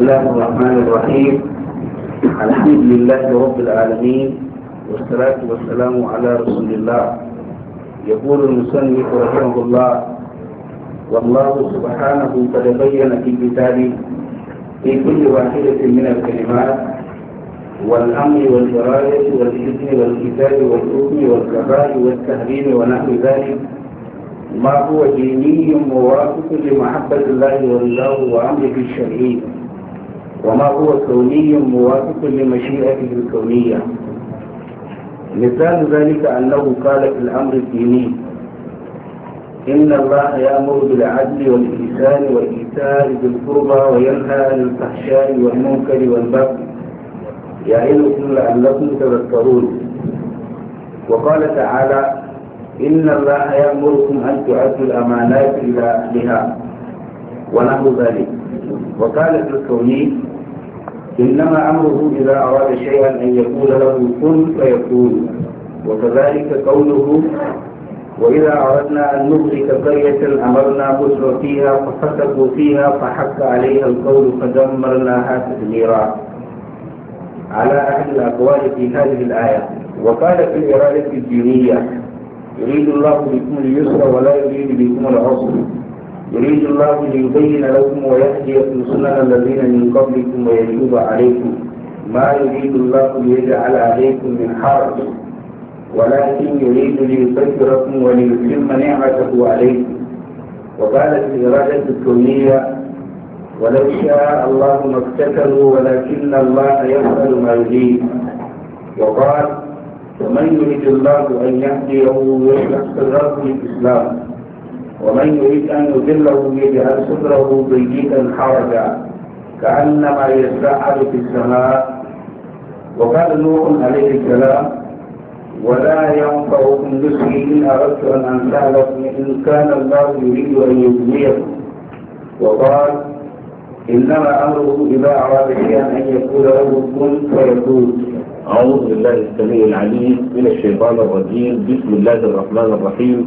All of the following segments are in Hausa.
الله الرحمن الرحيم الحمد لله رب العالمين والصلاة والسلام على رسول الله يقول المسلم رحمه الله والله سبحانه قد بين في كتابه في كل واحدة من الكلمات والأمر والبراية والإذن والكتاب والحكم والكفاء والتهريم ونحو ذلك ما هو ديني موافق لمحبة الله ورضاه وأمره الشرعي وما هو كوني موافق لمشيئته الكونية مثال ذلك أنه قال في الأمر الديني إن الله يأمر بالعدل والإحسان وإيتاء ذي القربى وينهى عن الفحشاء والمنكر والبغي يعظكم لعلكم تذكرون وقال تعالى إن الله يأمركم أن تؤدوا الأمانات إلى أهلها ونحو ذلك وقال في الكونين إنما أمره إذا أراد شيئا أن يقول له كن فيكون وكذلك قوله وإذا أردنا أن نغلق قرية أمرنا بسر فيها ففسقوا فيها فحق عليها القول فدمرناها تدميرا على أهل الأقوال في هذه الآية وقال في الإرادة الدينية يريد الله بكم اليسر ولا يريد بكم العسر يريد الله ليبين لكم ويهديكم سنن الذين من قبلكم ويتوب عليكم ما يريد الله ليجعل عليكم من حرج ولكن يريد ليطهركم وليتم نعمته عليكم وقالت الإرادة الكونية ولو شاء الله ما اقتتلوا ولكن الله يفعل ما يريد وقال ومن يريد الله أن يهديه ويشرح صدره الإسلام ومن يريد أن يذله يجعل صدره ضيقا حرجا كأنما يسعد في السماء وقال نوح عليه السلام ولا ينفعكم نصحي إن أردت أن أنسى لكم إن كان الله يريد أن يبنيكم وقال إنما أمره إذا أراد شيئا أن يقول له كن فيكون أعوذ بالله السميع العليم من الشيطان الرجيم بسم الله الرحمن الرحيم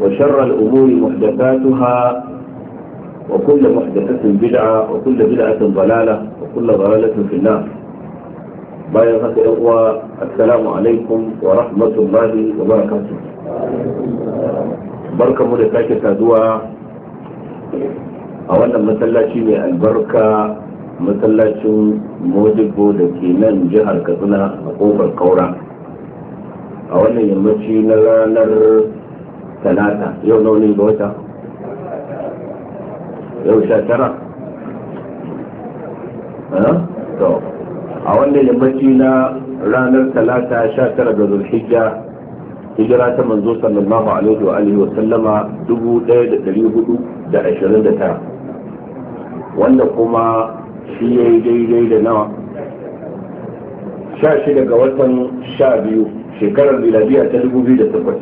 وشر الأمور محدثاتها وكل محدثة بدعة وكل بدعة ضلالة وكل ضلالة في النار بايا إخوة السلام عليكم ورحمة الله وبركاته بركة مدتاك تدوى أولا مسلاتي من البركة masallacin modibo da ke nan jihar katsina a kofar kaura a wannan yammaci na ranar talata yau naunin ga wata yau sha tara eh? a wannan yammaci na ranar talata sha tara ga zulhijja hijira ta manzo sallallahu alaihi wa alihi wa sallama dubu daya da da da dari hudu ashirin tara wanda kuma shi ya yi daidai da nawa sha shida ga watan sha biyu shekarar miladiya ta dubu biyu da takwas.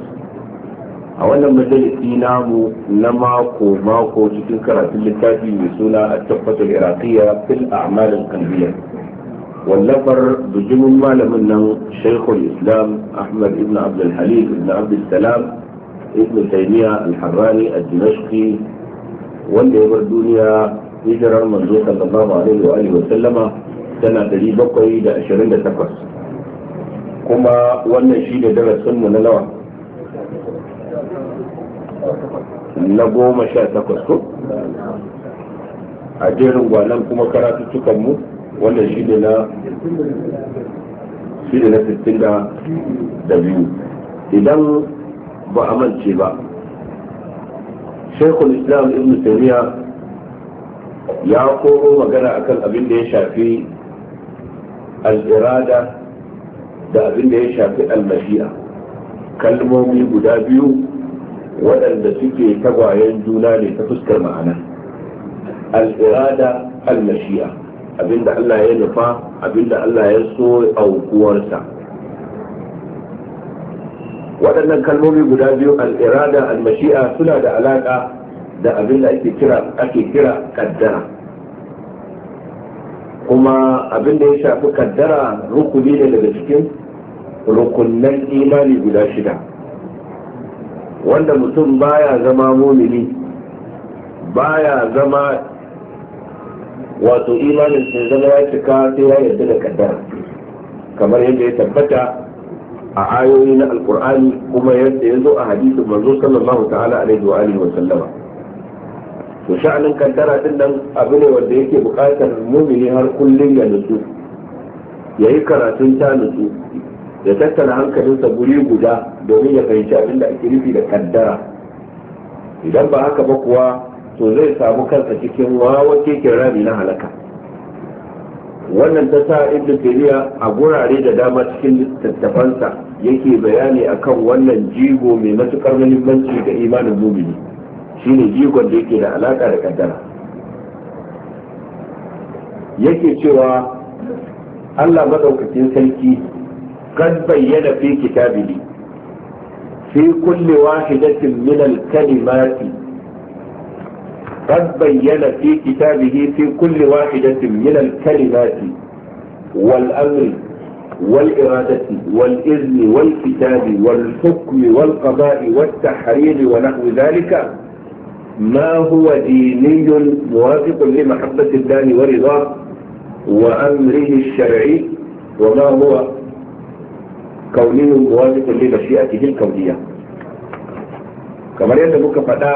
a wannan majalisi namu na mako mako cikin karatun littafi mai suna a tabbatar iraqiya fil a'malin kalbiyya wallafar bijimin malamin nan shaikhul islam ahmad ibn abdul halim ibn abdul salam ibn taymiya al-harrani al-dimashqi wanda ya bar duniya hijirar manzo sallallahu alaihi wa alihi wa sallama sana 728 kuma wannan shi da darasin mu na lawa na goma sha takwas ko a jerin gwanan kuma karatuttukan mu wannan shi ne na shi ne na sittin da biyu idan ba a mance ba shekul islam ibn taymiya ya koro magana akan abin da ya shafi al'irada da abin da ya shafi al kalmomi guda biyu waɗanda suke tagwayen juna ne ta fuskar ma'ana al'irada al-mashi'a abinda Allah ya nufa abinda Allah ya so aukuwarsa waɗannan kalmomi guda biyu al'irada al-mashi'a suna da alaƙa da abinda ake kira ake kira kaddara kuma abinda ya shafi kaddara rukuni ne daga cikin rukunnan imani guda shida wanda mutum baya zama mumini baya zama wato imanin sai zama ya cika sai ya yarda da kaddar kamar yadda ya tabbata a ayoyi na alkur'ani kuma yadda ya zo a hadisin manzo sallallahu ta'ala alaihi wa alihi wa sallama to sha'anin kaddara din nan abu ne wanda yake bukatar mumini har kullum ya nutsu yayi karatun ta nutsu ya tattara hankalinsa guri guda domin ya fahimci abin da ake rufi da kaddara idan ba haka ba kuwa to zai samu kansa cikin kekin rami na halaka wannan ta sa ibn a gurare da dama cikin littattafansa yake bayani akan wannan jigo mai matukar muhimmanci ga imanin mumini shine jigon da yake da alaka da kaddara yake cewa Allah madaukakin sarki قد بين في كتابه في كل واحدة من الكلمات قد بين في كتابه في كل واحدة من الكلمات والأمر والإرادة والإذن والكتاب والحكم والقضاء والتحريم ونحو ذلك ما هو ديني موافق لمحبة الله ورضاه وأمره الشرعي وما هو kauniyun shi a cikin kauniya kamar yadda muka faɗa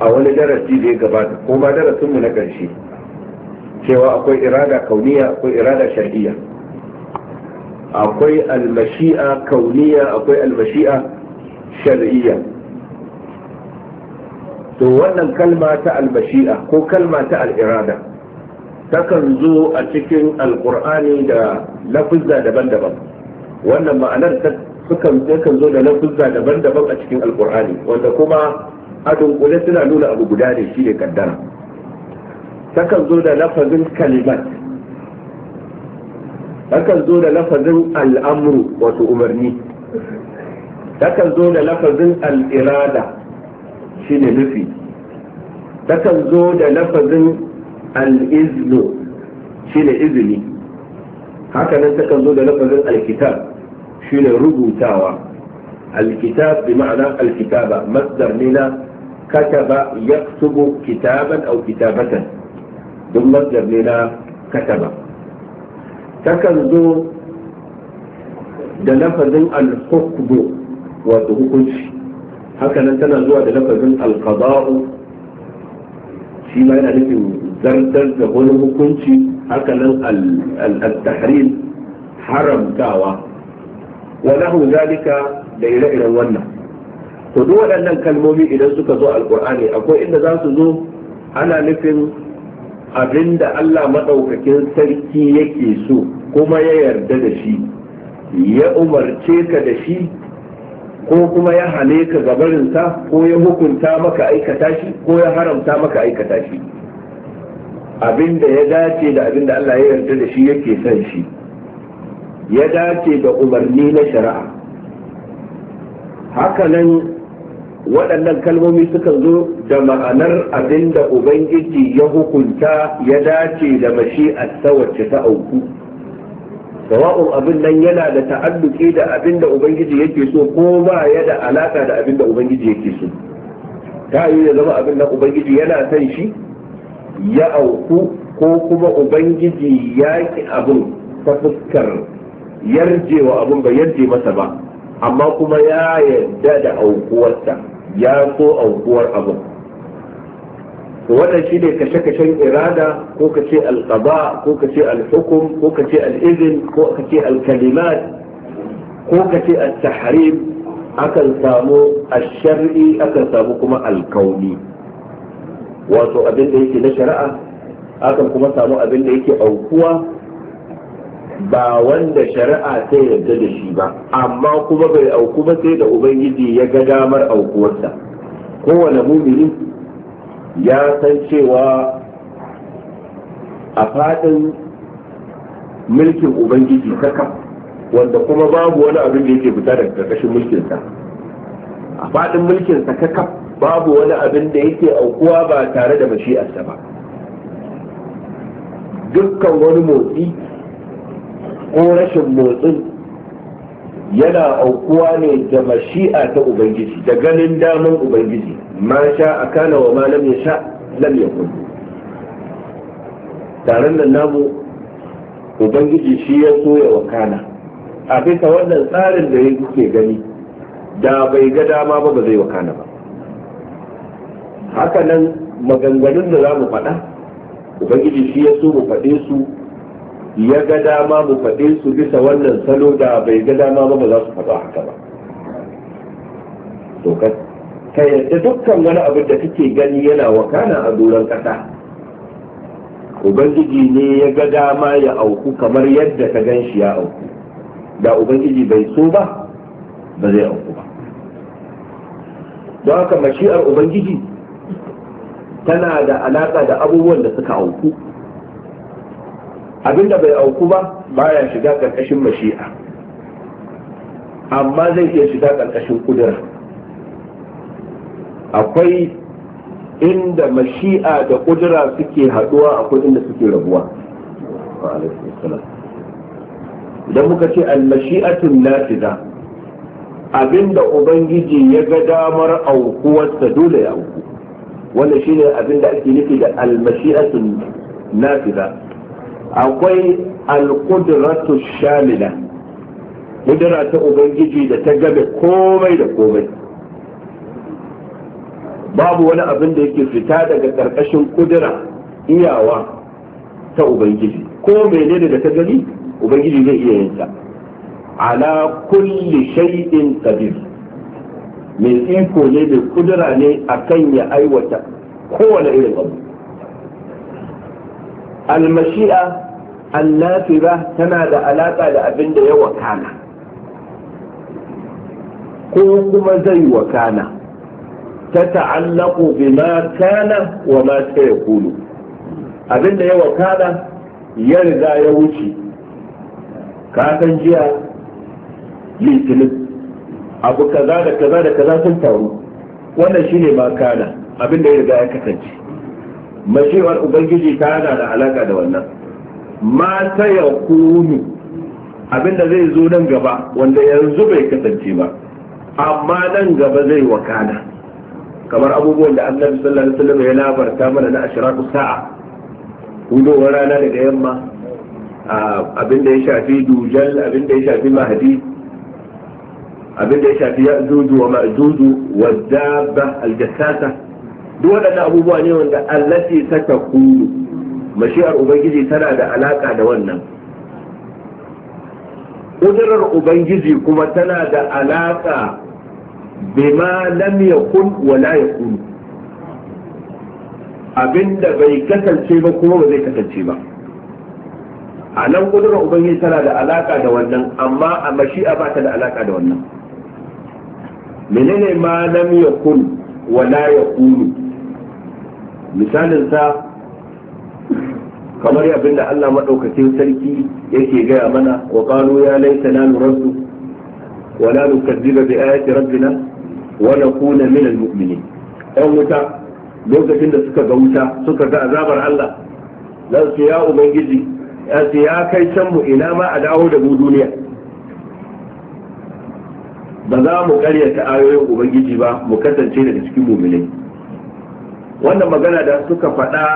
a wani darasi da ya gabata ko ba darasinmu na ƙarshe cewa akwai irada kauniya akwai irada shari'a. akwai almashi'a kauniya akwai almashi'a shari'a. to wannan kalma ta almashi'a ko kalma ta al'irada takan zo a cikin alkur'ani da lafuzza daban-daban wannan ma'anar ta sukan kan zo da lafuzza daban-daban a cikin alkur'ani wanda kuma a dunkule suna nuna abu guda ne shi ne kaddara takan zo da lafazin kalimat takan zo da lafazin al'amru wato umarni takan zo da lafazin al'irada shi ne nufi takan zo da lafazin al'iznu shi ne izini hakanan sukan zo da lafazin alkitab شين رجو تاوى الكتاب بمعنى الكتابة مصدر لنا كتب يكتب كتابا أو كتابة دم مصدر لنا كتب تكنز دلفظ الحقب وتهكش هكذا نتنا زوى دلفظ القضاء شيما أنا يعنى نفهم زرزر هكذا التحريم حرم دعوه wa nahu zalika da ire-iren wannan to duk waɗannan kalmomi idan suka zo alkur'ani akwai inda za su zo ana nufin abinda Allah maɗaukakin sarki yake so kuma ya yarda da shi ya umarce ka da shi ko kuma ya hane ka gabarinsa ko ya hukunta maka aikata shi ko ya haramta maka aikata shi abinda ya dace da abinda Allah ya yarda da shi yake son shi ya dace da umarni na shari'a hakanan waɗannan kalmomi suka zo da ma'anar abin da ubangiji ya hukunta ya dace da a wacce ta auku sawa'un abin nan yana da ta'alluki da abin da ubangiji yake so ko ba ya da alaka da abin da ubangiji yake so ta yi da zama abin da ubangiji yana son shi ya auku ko kuma ubangiji ya ki abin ta fuskar yarje wa abun bai yarje masa ba amma kuma ya yarda da aukuwarsa ya so aukuwar abun wadanshi wannan ne kashe-kashen irada ko ka ce alƙaba ko ka ce alhukum ko ka ce al'izin ko ka ce alkalimat ko ka ce al akan samu al-shar'i akan samu kuma alkauni wato abin da yake na shari'a akan kuma samu abin da yake aukuwa ba wanda shari'a ta yarda da shi ba amma kuma bai auku ba sai da ubangiji ya ga damar aukuwarsa kowane mumini ya san cewa a fadin mulkin ubangiji saka wanda kuma babu wani abin da yake fita daga karkashin mulkinsa a fadin mulkinsa kakaf babu wani abin da yake aukuwa ba tare da mashi'arsa ba dukkan wani motsi ko rashin motsin yana aukuwa ne da mashi'a ta ubangiji da ganin damar ubangiji ma sha a kana wa ma lam sha lam ya kun taron nan namu ubangiji shi ya so ya wakana a bisa wannan tsarin da ya kuke gani da bai ga dama ba ba zai wakana ba haka nan maganganun da za mu faɗa ubangiji shi ya so mu faɗe su ya ga dama mu faɗe su bisa wannan salo da bai ga dama ba za su faɗa haka ba to ka yadda dukkan wani abin da kake gani yana wakana a doron ƙasa ubangiji ne ya ga dama ya auku kamar yadda ka gan shi ya auku da ubangiji bai so ba ba zai auku ba don haka mashi'ar ubangiji tana da alaƙa da abubuwan da suka auku abinda bai auku ba baya shiga karkashin mashi'a amma zai iya shiga karkashin kudura akwai inda mashi'a da kudura suke haduwa akwai inda suke rabuwa idan muka ce almashi'atun lafiza abinda ubangiji ya ga damar aukuwarsa dole ya auku wannan shine abinda ake nufi da almashi'atun lafiza akwai alƙudratu shamila kudura ta ubangiji da ta game komai da komai babu wani abin da yake fita daga ƙarƙashin kudura iyawa ta ubangiji ko menene da ta gani ubangiji zai iya yinsa ala kulli shay'in qadir mai iko ne mai kudura ne akan ya aiwata kowane irin abu almashi'a annafiba tana da alaƙa da abin da ya wakana ko kuma zai wakana ta ta'allaku ma kana wa ma ta ya kulu abin da ya wakana ya riga ya wuce kasan jiya litinin abu kaza da kaza da kaza sun taru wannan shine ma kana abin da ya riga ya kasance mashewar ubangiji ta tana da alaka da wannan Mata ta ya kunu abinda zai zo nan gaba wanda yanzu bai kasance ba amma nan gaba zai wakana kamar abubuwan da annabi sallallahu alaihi wasallam ya labarta mana na ashraqu sa'a hudowar rana daga yamma abin da ya shafi dujal abin da ya shafi mahadi abin da ya shafi ya'juju wa ma'juju wa dabba al-jassasa duk waɗannan abubuwa ne wanda allati Kulu, mashi'ar ubangiji tana da alaka da wannan kudurar ubangiji kuma tana da alaka bima lam yakun wa la Kulu. abinda bai kasance ba kuma ba zai kasance ba a nan kudurar ubangiji tana da alaka da wannan amma a mashi'a ba ta da alaka da wannan menene ma lam yakun wa la Kulu? misalin sa kamar abin da Allah madaukakin sarki yake gaya mana wa qalu ya laitana nuraddu wa la nukazziba bi ayati rabbina wa nakuna min al-mu'minin ɗan wuta lokacin da suka ga wuta suka ga azabar Allah zan su ya ubangiji ya ya kai can mu ina ma a dawo da mu duniya ba za mu karyata ayoyin ubangiji ba mu kasance daga cikin muminai wannan magana da suka faɗa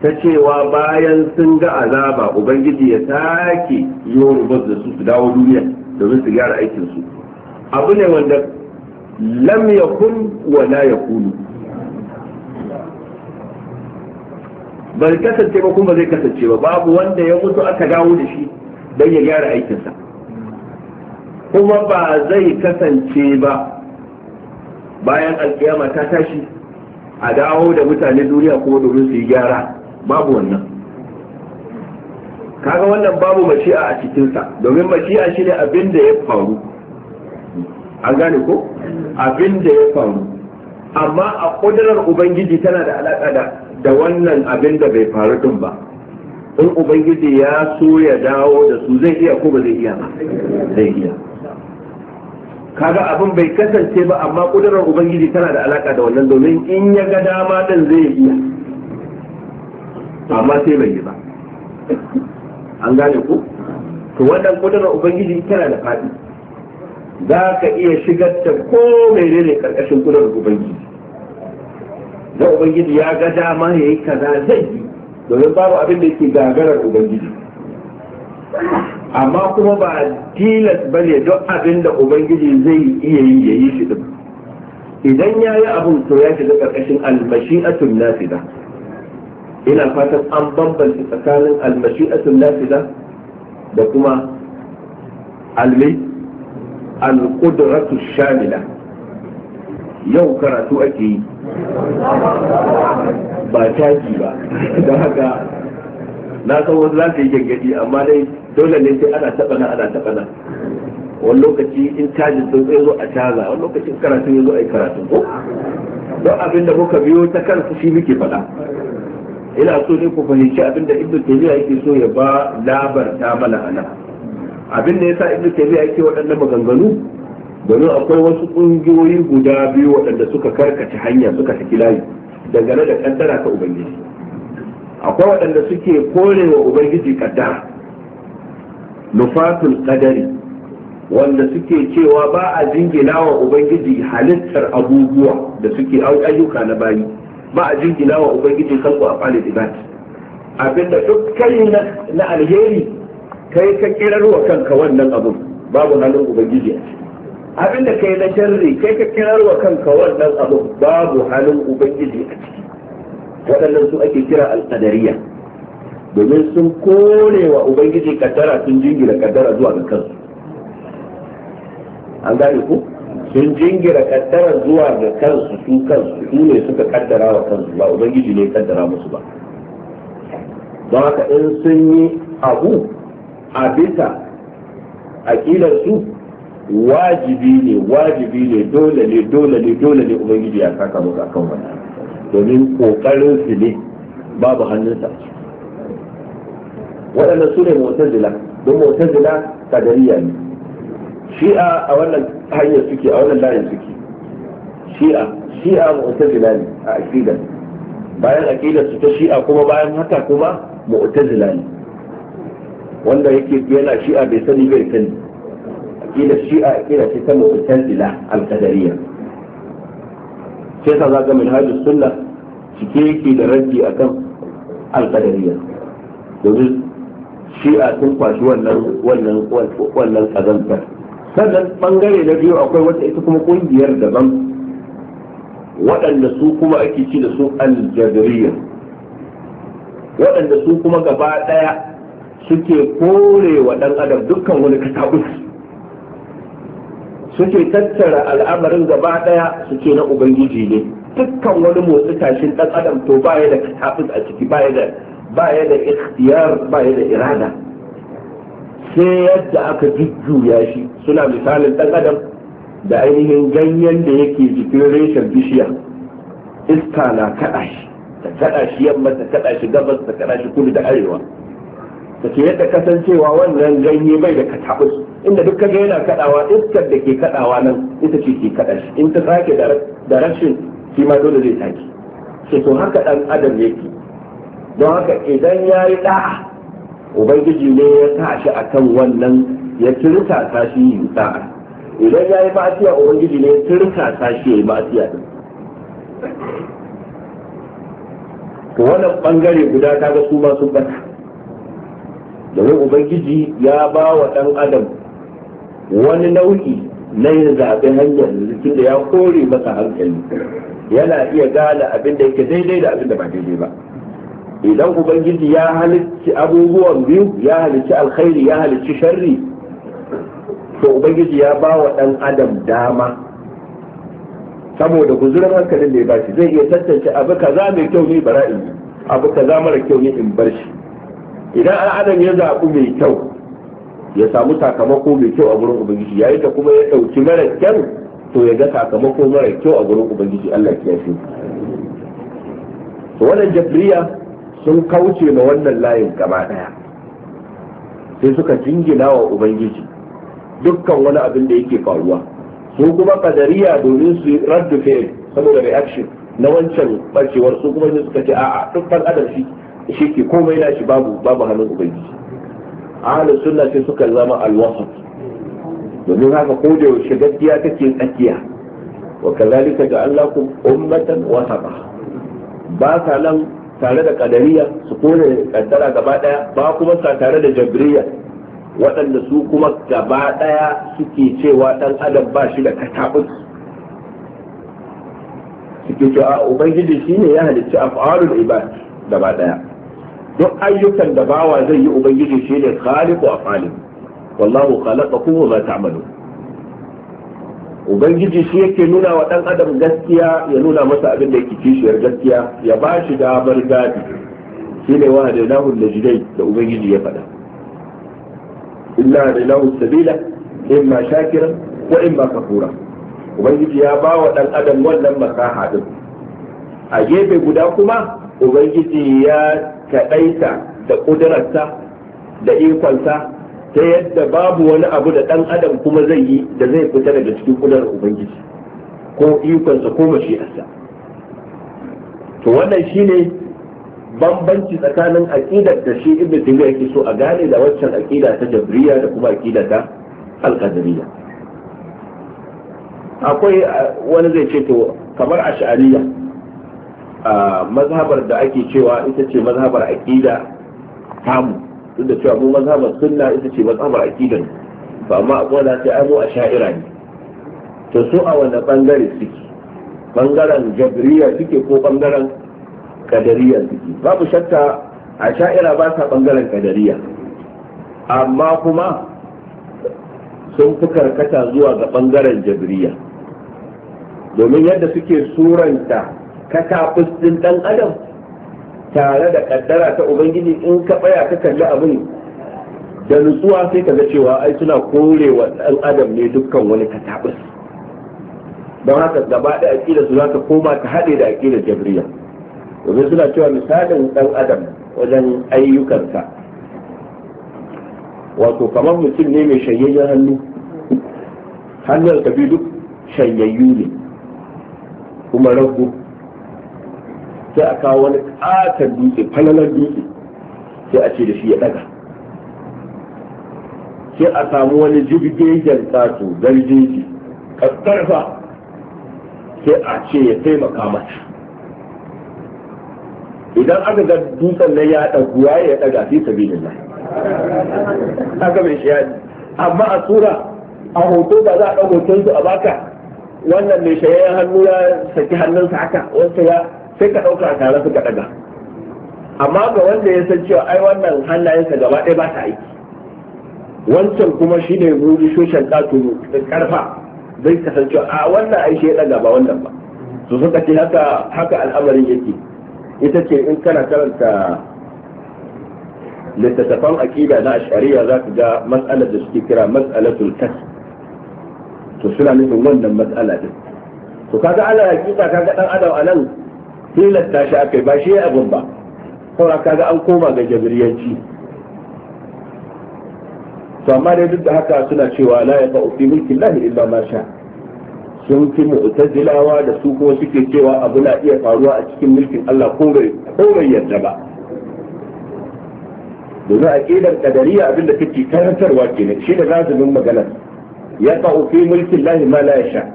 ta cewa bayan sun ga azaba ubangiji ya sake yi wa da su su dawo duniya domin su gyara aikinsu abu ne wanda lam yakun wa la yakunu ba kasance ba kuma zai kasance ba babu wanda ya mutu aka dawo da shi don ya gyara aikinsa kuma ba zai kasance ba bayan alkiyama ta tashi a dawo da mutanen duniya ko domin su yi gyara babu wannan kaga wannan babu mashi'a a cikinsa domin mashi'a shi ne abin da ya faru an gane ko abin da ya faru amma a ƙudurar ubangiji tana da alaƙa da wannan abin da bai faru din ba in ubangiji ya so ya dawo da su zai iya ko ba zai iya ba zai iya kaga abin bai kasance ba amma kudurar ubangiji tana da alaka da wannan domin in ya ga dama din zai iya amma sai bai yi ba an gane ku to wannan kudurar ubangiji tana da faɗi za ka iya shigar ta ko menene karkashin kudurar ubangiji na ubangiji ya ga dama ya yi kaza zai yi domin babu abin da yake gagarar ubangiji amma kuma ba tilas ba ne duk abin da ubangiji zai iya yi ya yi shi ɗin idan ya yi abin to ya shiga ƙarƙashin almashi'atun nafida ina fatan an bambanta tsakanin almashi'atun nafida da kuma almi alƙudratu shamila yau karatu ake yi ba taki ba don haka na san wasu za su yi gangadi amma dai dole ne sai ana taɓa nan ana taɓa nan wani lokaci in caji sun zo a caza wani lokaci in karatu ya zo a yi karatu ko don abin da kuka biyo ta kansu shi muke faɗa ina so ne ku fahimci abin da ibnu taymiya yake so ya ba labar ta mana a nan abin da yasa ibnu taymiya yake waɗannan maganganu domin akwai wasu ƙungiyoyi guda biyu waɗanda suka karkace hanya suka saki layi dangane da kaddara ta ubangiji akwai waɗanda suke korewa ubangiji kaddara nufatul kadari wanda suke cewa ba a jingina wa ubangiji halittar abubuwa da suke ayyuka na bayi ba a jingina wa ubangiji kanku a fali abin abinda duk kai na alheri kai ka kirarwa kanka wannan abun babu halin ubangiji a ciki abinda kai na jarri kai ka kirarwa kanka wannan abun babu halin ubangiji a ciki waɗannan su ake kira alƙadariya domin sun kone wa ubangiji kaddara sun jingira kaddara zuwa ga kansu an gane ku sun jingira kaddara zuwa ga kansu su kansu su ne suka kaddara wa kansu ba ubangiji ne kaddara musu ba don haka in sun yi abu a bisa aƙidar su wajibi ne wajibi ne dole ne dole ne dole ne ubangiji ya saka musu akan wannan domin kokarin su ne babu hannunsa waɗannan su ne mu'tazila don mu'tazila kadariya ne shi'a a wannan hanyar suke a wannan layin suke shi'a shi'a mu'tazila ne a aqida bayan aqida su ta shi'a kuma bayan haka kuma mu'tazila ne wanda yake yana shi'a bai sani bai sani aqida shi'a aqida ce ta mu'tazila al-qadariyya sai za zaka min hajji sunna cike yake da raddi akan alqadariya domin a sun kwashi wannan wannan wannan kazantar sannan bangare na biyu akwai wata ita kuma kungiyar daban waɗanda su kuma ake ci da su aljabiriya waɗanda su kuma gaba ɗaya suke kore wa ɗan adam dukkan wani katakus suke tattara al'amarin gaba daya suke na ubangiji ne dukkan wani motsi tashin dan adam to baya da hafiz a ciki baya da baya da ikhtiyar baya da irada sai yadda aka jujjuya shi suna misalin dan adam da ainihin ganyen da yake jikin reshen bishiya iska na kada shi ta kada shi yamma ta kada shi gabas ta kada shi kudu da arewa da ke yadda kasancewa wannan ganye bai da katabus inda duk kaga yana kadawa iskar da ke kadawa nan ita ce ke kada shi in ta sake da rashin shi ma dole zai sake sai to haka dan adam yake don haka idan ya yi da'a ubangiji ne ya sa shi akan wannan ya kirta ta shi yi da'a idan ya yi ma'asiya ubangiji ne ya kirta ta shi ya yi ma'asiya din to wannan bangare guda ga su ma sun bata domin ubangiji ya ba wa ɗan adam wani nau'i na yin zaɓe hanyar zikin da ya kore masa hankali yana iya gane abin da yake daidai da abin da ba daidai ba idan ubangiji ya halicci abubuwan biyu ya halicci alkhairi ya halicci sharri to ubangiji ya ba wa ɗan adam dama saboda guzurin hankalin da ya shi zai iya tantance abu kaza mai kyau ne bara in abu kaza mara kyau ne in bar shi idan an adam ya zaɓi mai kyau ya samu sakamako mai kyau a gurin ubangiji yayin da kuma ya ɗauki mara kyau to ya ga sakamako mara kyau a gurin ubangiji Allah ya fi. to wannan jabriya sun kauce ma wannan layin gaba daya sai suka jingina wa ubangiji dukkan wani abin da yake faruwa su kuma kadariya domin su raddu fi'il saboda reaction na wancan barcewar su kuma suka ce a'a duk adam shi shi ke komai na shi babu babu hannun ubangiji ahlus sunna sai suka zama alwasat domin haka ko da yaushe gaskiya take tsakiya wa kazalika ja'alnakum ummatan wasata ba sa nan tare da kadariya su kore kaddara gaba daya ba kuma sa tare da jabriya waɗanda su kuma gaba daya suke cewa dan adam ba shi da katabus suke cewa ubangiji shine ya halicci af'alul ibad gaba daya duk ayyukan da bawa zai yi ubangiji shi ne khaliqu afalim wallahu khalaqakum kuma ma amalu. ubangiji shi yake nuna wa dan adam gaskiya ya nuna masa abin da yake kishiyar gaskiya ya ba shi damar gadi shi ne wa da lahu najdai da ubangiji ya faɗa illa da lahu sabila imma shakiran wa imma kafura ubangiji ya ba wa dan adam wannan masaha din a gefe guda kuma ubangiji ya kaɗaita da ƙudurarsa da ikonsa ta yadda babu wani abu da ɗan adam kuma zai yi da zai fita daga cikin ƙudurar ubangiji ko ikonsa ko mashi'arsa to wannan shine bambanci tsakanin aƙidar da shi ibnu taymiya yake so a gane da waccan aƙida ta jabriya da kuma aƙida ta alƙadariya akwai wani zai ce to kamar ashariya mazhabar da ake cewa ita ce mazhabar aqida tamu duk da cewa mu mazhabar sunna ita ce mazhabar aqida to amma akwai da ta mu a sha'ira ne to su a wanda bangare suke bangaren jabriya suke ko bangaren kadariya suke babu shakka a sha'ira ba sa bangaren kadariya amma kuma sun fi karkata zuwa ga bangaren jabriya domin yadda suke suranta katakus din dan adam tare da kaddara ta ubangiji in ka baya ka kalli abin da nutsuwa sai ka ga cewa ai suna kore dan adam ne dukkan wani katabus don haka gaba da aqida su zaka koma ka hade da aqidar jabriya domin suna cewa misalin dan adam wajen ayyukansa wato kamar mutum ne mai shanyayyen hannu hannun ka duk shanyayyu ne kuma ragu sai a kawo wani katar dutse falalar dutse sai a ce da shi ya daga sai a samu wani jirgin tsato garjeji ƙasƙarfa sai a ce ya taimaka mata idan aka ga dutsen nan ya ɗagu ya ya ɗaga fi da nan aka mai shi amma a tura a hoto ba za a ɗau hoton su a baka wannan mai shayayyen hannu ya saki hannunsa haka wasu ya sai ka ɗauka a tare ka ɗaga amma ga wanda ya san cewa ai wannan hannayensa gaba ɗaya ba ta aiki wancan kuma shi ne ruri shushen ƙato ƙarfa zai kasance a wannan ai shi ya ɗaga ba wannan ba su suka ce haka haka al'amarin yake ita ce in kana karanta littattafan aƙida na ashariya za ka ga mas'alar da suke kira mas'alatul kas to suna nufin wannan matsala din to kaga ala hakika kaga dan adam anan tilasta shi akai ba shi ya abin ba saura kaga an koma ga jabiriyanci to amma dai duk da haka suna cewa la ya fa'u fi mulkin lahi illa ma sha sun fi mu'tazilawa da su ko suke cewa abu na iya faruwa a cikin mulkin Allah ko bai ko bai yarda ba domin aqidar qadariyya abinda take karantarwa kenan shi da zazumin maganar ya fa'u fi mulkin lahi ma la sha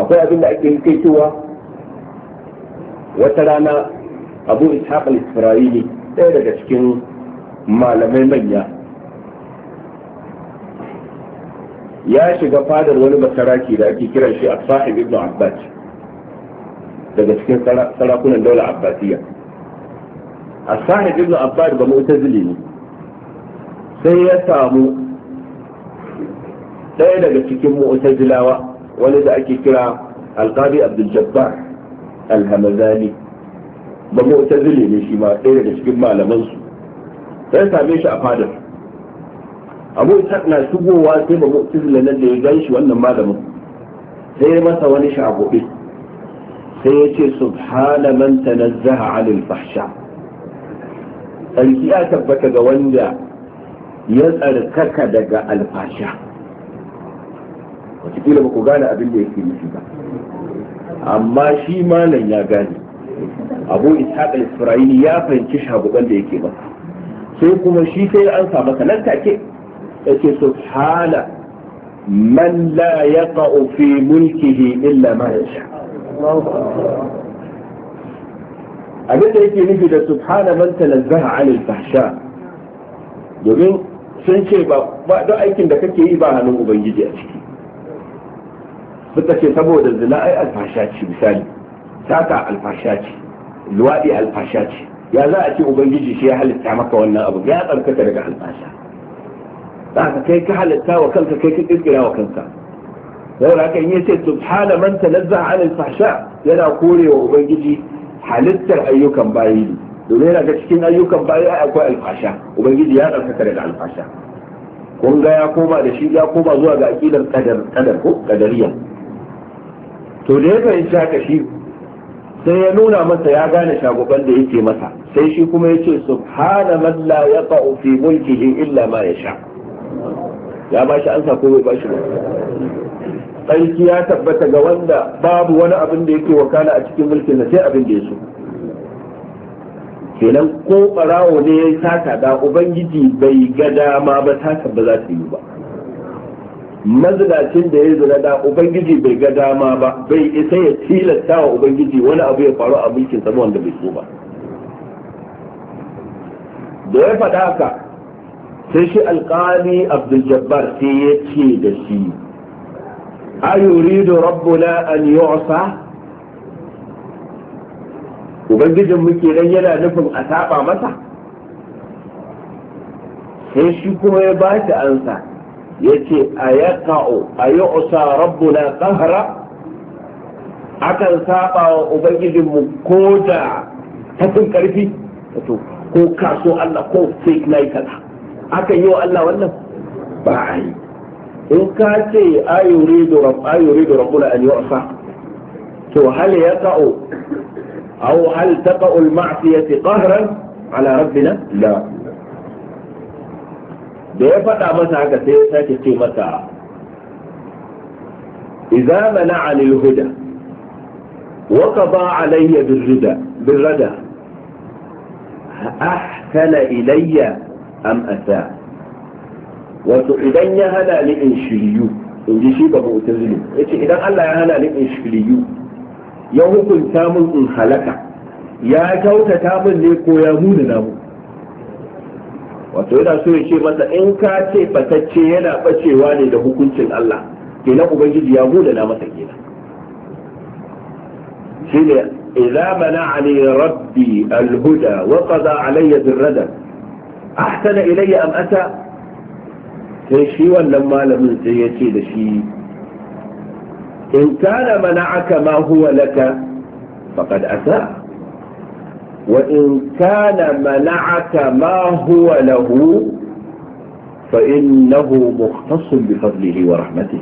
akwai abin da ake kai cewa wata rana abu ishaq al-isra'ili ɗaya daga cikin malamai manya ya shiga fadar wani basaraki da ake kiran shi a sahib ibn abbas daga cikin sarakunan Daula abbasiyya a sahib ibn abbas ba mu mu'tazili ne sai ya samu ɗaya daga cikin mu'tazilawa wani da ake kira alqabi abdul jabbar alhamazani ba mu'tazili ne shi ma ɗaya daga cikin malamansu. su sai same shi a fadar abu ta na shigowa sai ba mu'tazili nan da ya gan shi wannan malamin sai ya masa wani shagobe sai ya ce subhana man tanazzaha anil fahsha sarki ya tabbata ga wanda ya tsarkaka daga alfasha wataƙila ba ku gane abin da ya ke nufi ba amma shi malam ya gane abu ishaq al-isra'ili ya fahimci shaguban da yake masa sai kuma shi sai an samu masa nan take yake subhana man la yaqa'u fi mulkihi illa ma yasha abin da yake nufi da subhana man talazzaha 'anil fahsha domin sun ce ba don aikin da kake yi ba hannun ubangiji a ciki suka ce saboda zina ai alfasha ce misali sata alfasha ce luwaɗi alfasha ce ya za a ce ubangiji shi ya halitta maka wannan abu ya tsarkaka daga alfasha za ka kai ka halitta wa kanka kai ka kirkira wa kanka saboda haka in yace subhana man tanazzaha anil alfasha yana korewa ubangiji halittar ayyukan bayi ne domin yana ga cikin ayyukan bayi akwai alfasha ubangiji ya tsarkaka daga alfasha kun ga ya koma da shi ya koma zuwa ga aqidar qadar qadar ko qadariyya to da ya fahimci haka shi sai ya nuna masa ya gane shagoban da yake masa sai shi kuma ya ce subhana man la yaqa'u fi mulkihi illa ma ya sha ya ba shi ansa ko bai ba shi ba tsarki ya tabbata ga wanda babu wani abin da yake wakana a cikin mulkin sai abin da ya so kenan ko barawo ne ya sata da ubangiji bai ga dama ba ta ba za ta yi ba mazinacin da ya zina da ubangiji bai ga dama ba bai isa ya tilasta wa ubangiji wani abu ya faru a mulkin sa wanda bai so ba da ya faɗa haka sai shi alƙali abdul-jabbar sai ya ce da shi a yuridu rabbuna an yu'sa ubangijin muke dan yana nufin a saba masa sai shi kuma ya ba ansa يتي ايقع أيعصى ربنا قهرا اكن ساقا وبيجي مكودا تكون كريفي تتو كو كاسو الله كو فيك نايكتا اكن يو الله ولا باي ان كاتي اي يريد رب اي يريد ربنا ان يعصى تو هل يقع او هل تقع المعصية قهرا على ربنا لا da ya faɗa masa haka sai ya sake ce masa idza mana anil huda wa qada alayya birrida birrada ahkala ilayya am asa wato idan ya hana ni in shiryu in ji shi gaba utazili yace idan Allah ya hana ni in shiryu ya hukunta mun in halaka ya kyautata mun ne ko ya muna namu wato yana so ya ce masa in ka ce fatacce yana bacewa ne da hukuncin Allah kenan ubangiji ya gode na masa kenan ne idza mana'ani rabbi alhuda wa qada alayya birrada ahsana ilayya am ata sai shi wannan malamin sai ya ce da shi in kana mana'aka ma huwa laka faqad asa وإن كان منعك ما هو له فإنه مختص بفضله ورحمته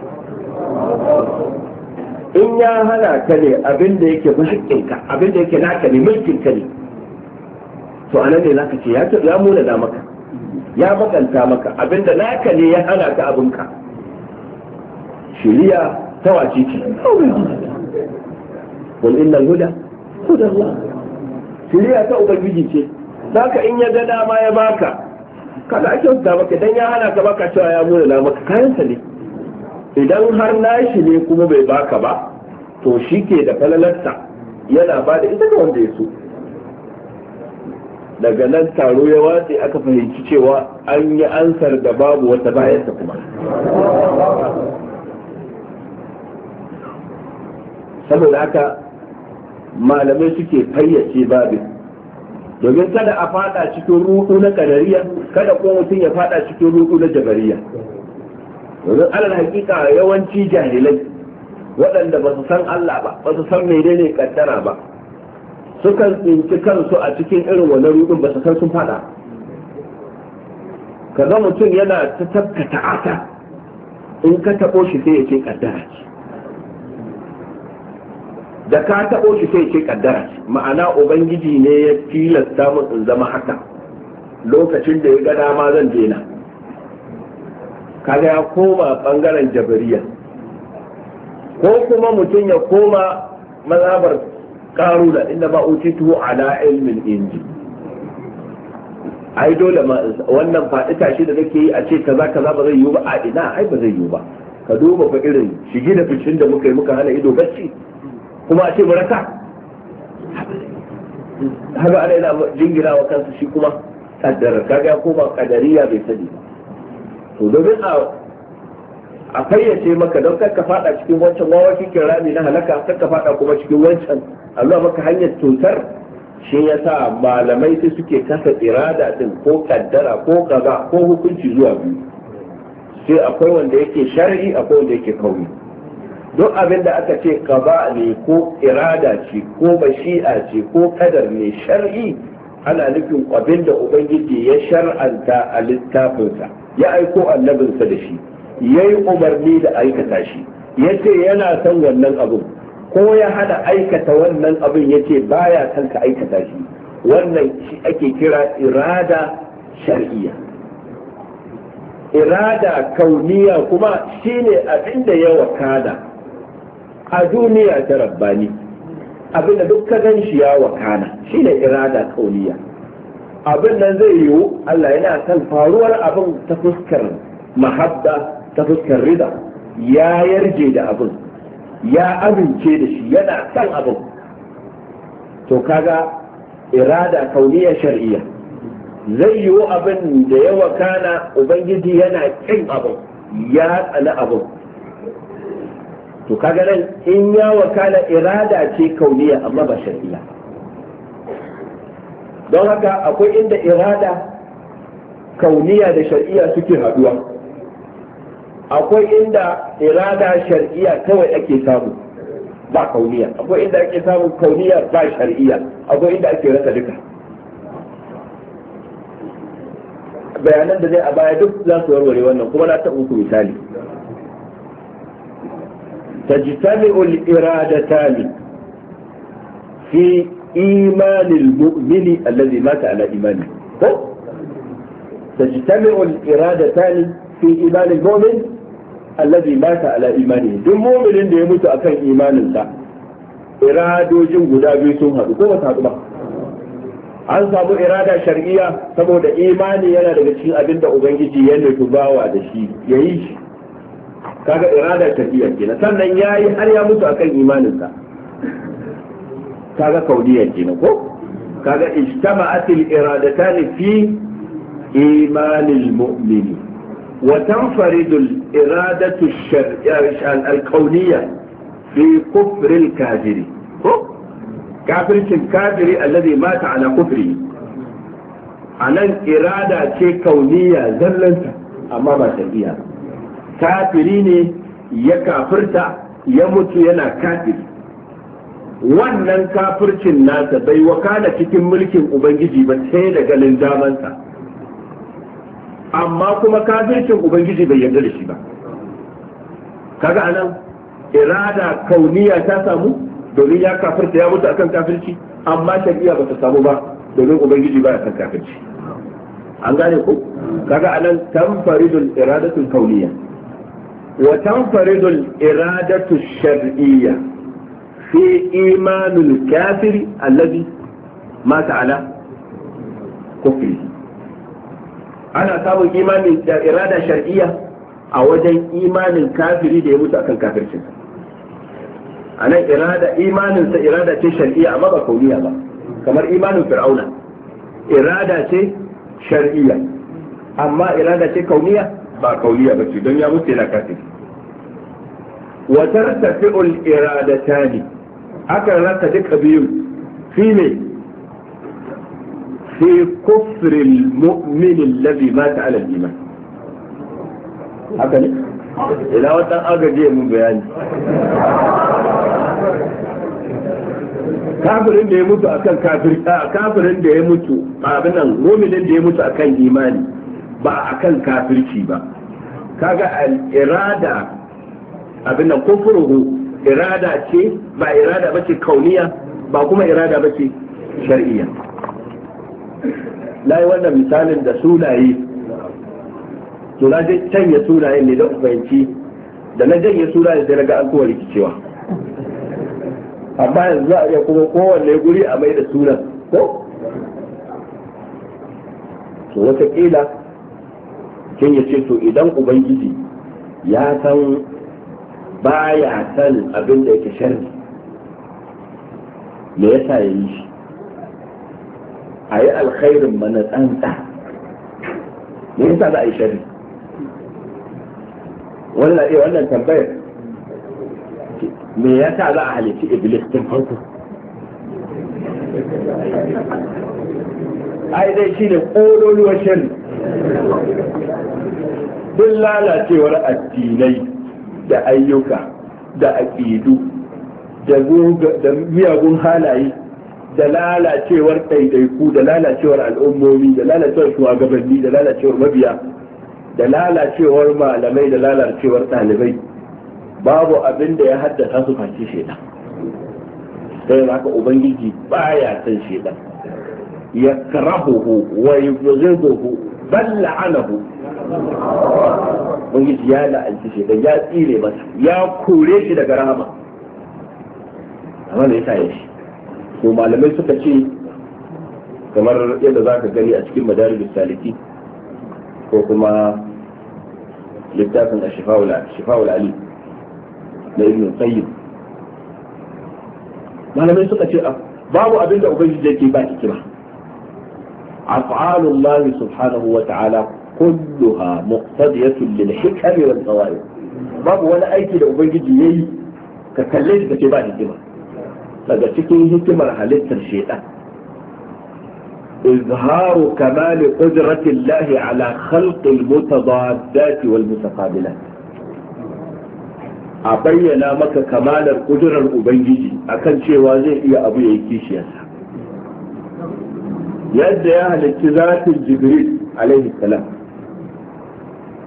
إن يا هلا كلي أبن ديك بحقك أبن ديك ناك بملك كلي فأنا دي ناك يا مولا دامك يا مكا انت مكا أبن ناك لي يا هلا كأبنك شليا تواجيتي قل إن الهدى هدى الله shirya ta ubangiji ce zaka in ya ga dama ya baka kada a kyauta maka dan ya hana ka baka cewa ya muna na maka kayansa ne idan har nashi ne kuma bai baka ba to shi ke da falalarsa yana ba da ita ga wanda ya so daga nan taro ya watse aka fahimci cewa an yi ansar da babu wata bayansa kuma saboda haka malamai suke fayyace babin domin kada a fada cikin ruɗu na kadariya kada ko mutum ya fada cikin ruɗu na jabariya domin alal hakika yawanci jahilai waɗanda ba su san Allah ba ba su san menene kaddara ba sukan tsinci kansu a cikin irin wannan ruɗun ba su san sun fada kaga mutum yana ta tabka ta'ata in ka taɓo shi sai ya ce kaddara ce da ka taɓo shi sai ke kaddara ma'ana ubangiji ne ya tilasta mu in zama haka lokacin da ya ga dama zan dena kaga ya koma bangaren jabariya ko kuma mutum ya koma mazhabar karuna inda ba utitu ala ilmin inji ai dole ma wannan faɗi shi da nake yi a ce kaza kaza ba zai yi ba a ina ai ba zai yi ba ka duba fa irin shige da fitin da muka yi muka hana ido bacci kuma a ce mu raka haka ana yana jingira wa kansa shi kuma kaddara kaga ya koma kadariya bai sani to domin a a fayyace maka don kar ka fada cikin wancan wawa kikin rami na halaka kar ka fada kuma cikin wancan Allah maka hanyar cutar shi ya sa malamai sai suke kasa irada din ko kaddara ko kaza ko hukunci zuwa biyu sai akwai wanda yake shari'i akwai wanda yake kauri duk abin da aka ce qada ne ko irada ce ko bashi'a ce ko kadar ne shar'i ana nufin abin da ubangiji ya shar'anta a littafinsa ya aiko annabinsa da shi ya yi umarni da aikata shi ya ce yana son wannan abin ko ya hana aikata wannan abin ya ce baya son ka aikata shi wannan shi ake kira irada shar'iyya irada kauniya kuma shine abin da ya wakana a duniya ta rabbani abin da duk ka gan shi ya wakana shi ne irada kauniya abin nan zai yiwu Allah yana son faruwar abin ta fuskar mahabba ta fuskar rida ya yarje da abin ya amince da shi yana son abin to kaga irada kauniya shar'iyya zai yiwu abin da ya wakana ubangiji yana kin abin ya tsani abin to kaga nan in ya wakala irada ce kauniya amma ba shar'iyya don haka akwai inda irada kauniya da shar'iyya suke haduwa akwai inda irada shar'iyya kawai ake samu ba kauniya akwai inda ake samu kauniya ba shar'iyya akwai inda ake rasa duka bayanan da zai a baya duk za su warware wannan kuma na taɓa muku misali تجتمع الإرادتان في إيمان المؤمن الذي مات على إيمانه تجتمع الإرادتان في إيمان المؤمن الذي مات على إيمانه دم مؤمن اللي يموت أكن إيمان الله إرادو جن قدا بيسون هذا كما تهدو an samu irada shar'iyya saboda imani yana daga cikin abin da ubangiji ya nufi bawa da shi ya yi shi kaga iradar tafiya kenan sannan yayi har ya mutu akan imanin imaninsa kaga kaudiyar kenan ko kaga ijtama'at al-iradatan fi iman al-mu'min wa tanfaridu al-iradatu al-kawniyya fi kufr al-kafir ko kafircin kafiri alladhi mata ala kufri anan irada ce kauniya zallanta amma ba shari'a ba kafiri ne ya kafirta ya mutu yana kafiri wannan kafircin nasa bai wakana cikin mulkin ubangiji ba sai da galin zamansa amma kuma kafircin ubangiji bai yarda da shi ba kaga anan irada kauniya ta samu domin ya kafirta ya mutu akan kafirci amma shari'a ba ta samu ba domin ubangiji ba ya san kafirci an gane ku kaga anan tamfaridul iradatul kauniya وتنفرد الإرادة الشرعية في إيمان الكافر الذي مات على كفره أنا أصاب إيمان الإرادة الشرعية أو وجه إيمان الكافر دي يموت أكل كافر أنا إرادة إيمان الإرادة الشرعية ما بقولي هذا كما إيمان فرعون إرادة شرعية أما إرادة كونية ما kauliya ba ce don ya mutu wa tartafi'ul iradatani akan raka duka biyu fi ne fi kufril mu'minin ladhi mata ala iman haka ne ila wata agaje mun bayani kafirin da ya mutu akan kafir kafirin da ya mutu abinan nan mu'minin da ya mutu akan imani ba akan kafirci ba kaga al irada abin nan kufruhu irada ce ba irada ba ce kauniya ba kuma irada ba ce shar'iyya lai wannan misalin da sunaye to na je canye sunayen ne da ubanci, da na janye sunayen da daga an kowa rikicewa amma yanzu za a iya kuma kowanne guri a mai da sunan ko to wataƙila kin ya ce to idan ubangiji ya san baya san abin da yake sharri me yasa ya yi shi a yi alkhairin mana tsantsa me yasa za a yi sharri wannan iya eh, wannan tambayar me yasa za a halici iblis tun farko ai dai shi ne ƙololuwar sharri duk lalacewar addinai da ayyuka da aƙidu da miyagun halaye da lalacewar ɗaiɗaiku da lalacewar al'ummomi da lalacewar shugabanni da lalacewar mabiya da lalacewar malamai da lalacewar ɗalibai babu abin da ya haddasa su face shaidan sai haka ubangiji baya san shaidan ya karahuhu wa yuzhibuhu balla anahu ubangiji ya la'anci shi da ya tsire masa ya kore shi daga rahama amma ne yasa ya shi to malamai suka ce kamar yadda za ka gani a cikin madarijus saliki ko kuma littafin ashifa'ul ali na ibn qayyim malamai suka ce ah, babu abin da ubangiji yake ba hikima أفعال الله سبحانه وتعالى كلها مقتضية للحكم والقواعد babu wani aiki da ubangiji yayi ka kalle shi ba hikima daga cikin hikimar halittar shaitan izharu kamal qudrati ala khalq al mutadaddat wal mutaqabilat a bayyana maka kamanar kudurar ubangiji akan cewa zai iya abu yayi kishiyarsa yadda ya halicci zatin jibril alaihi salam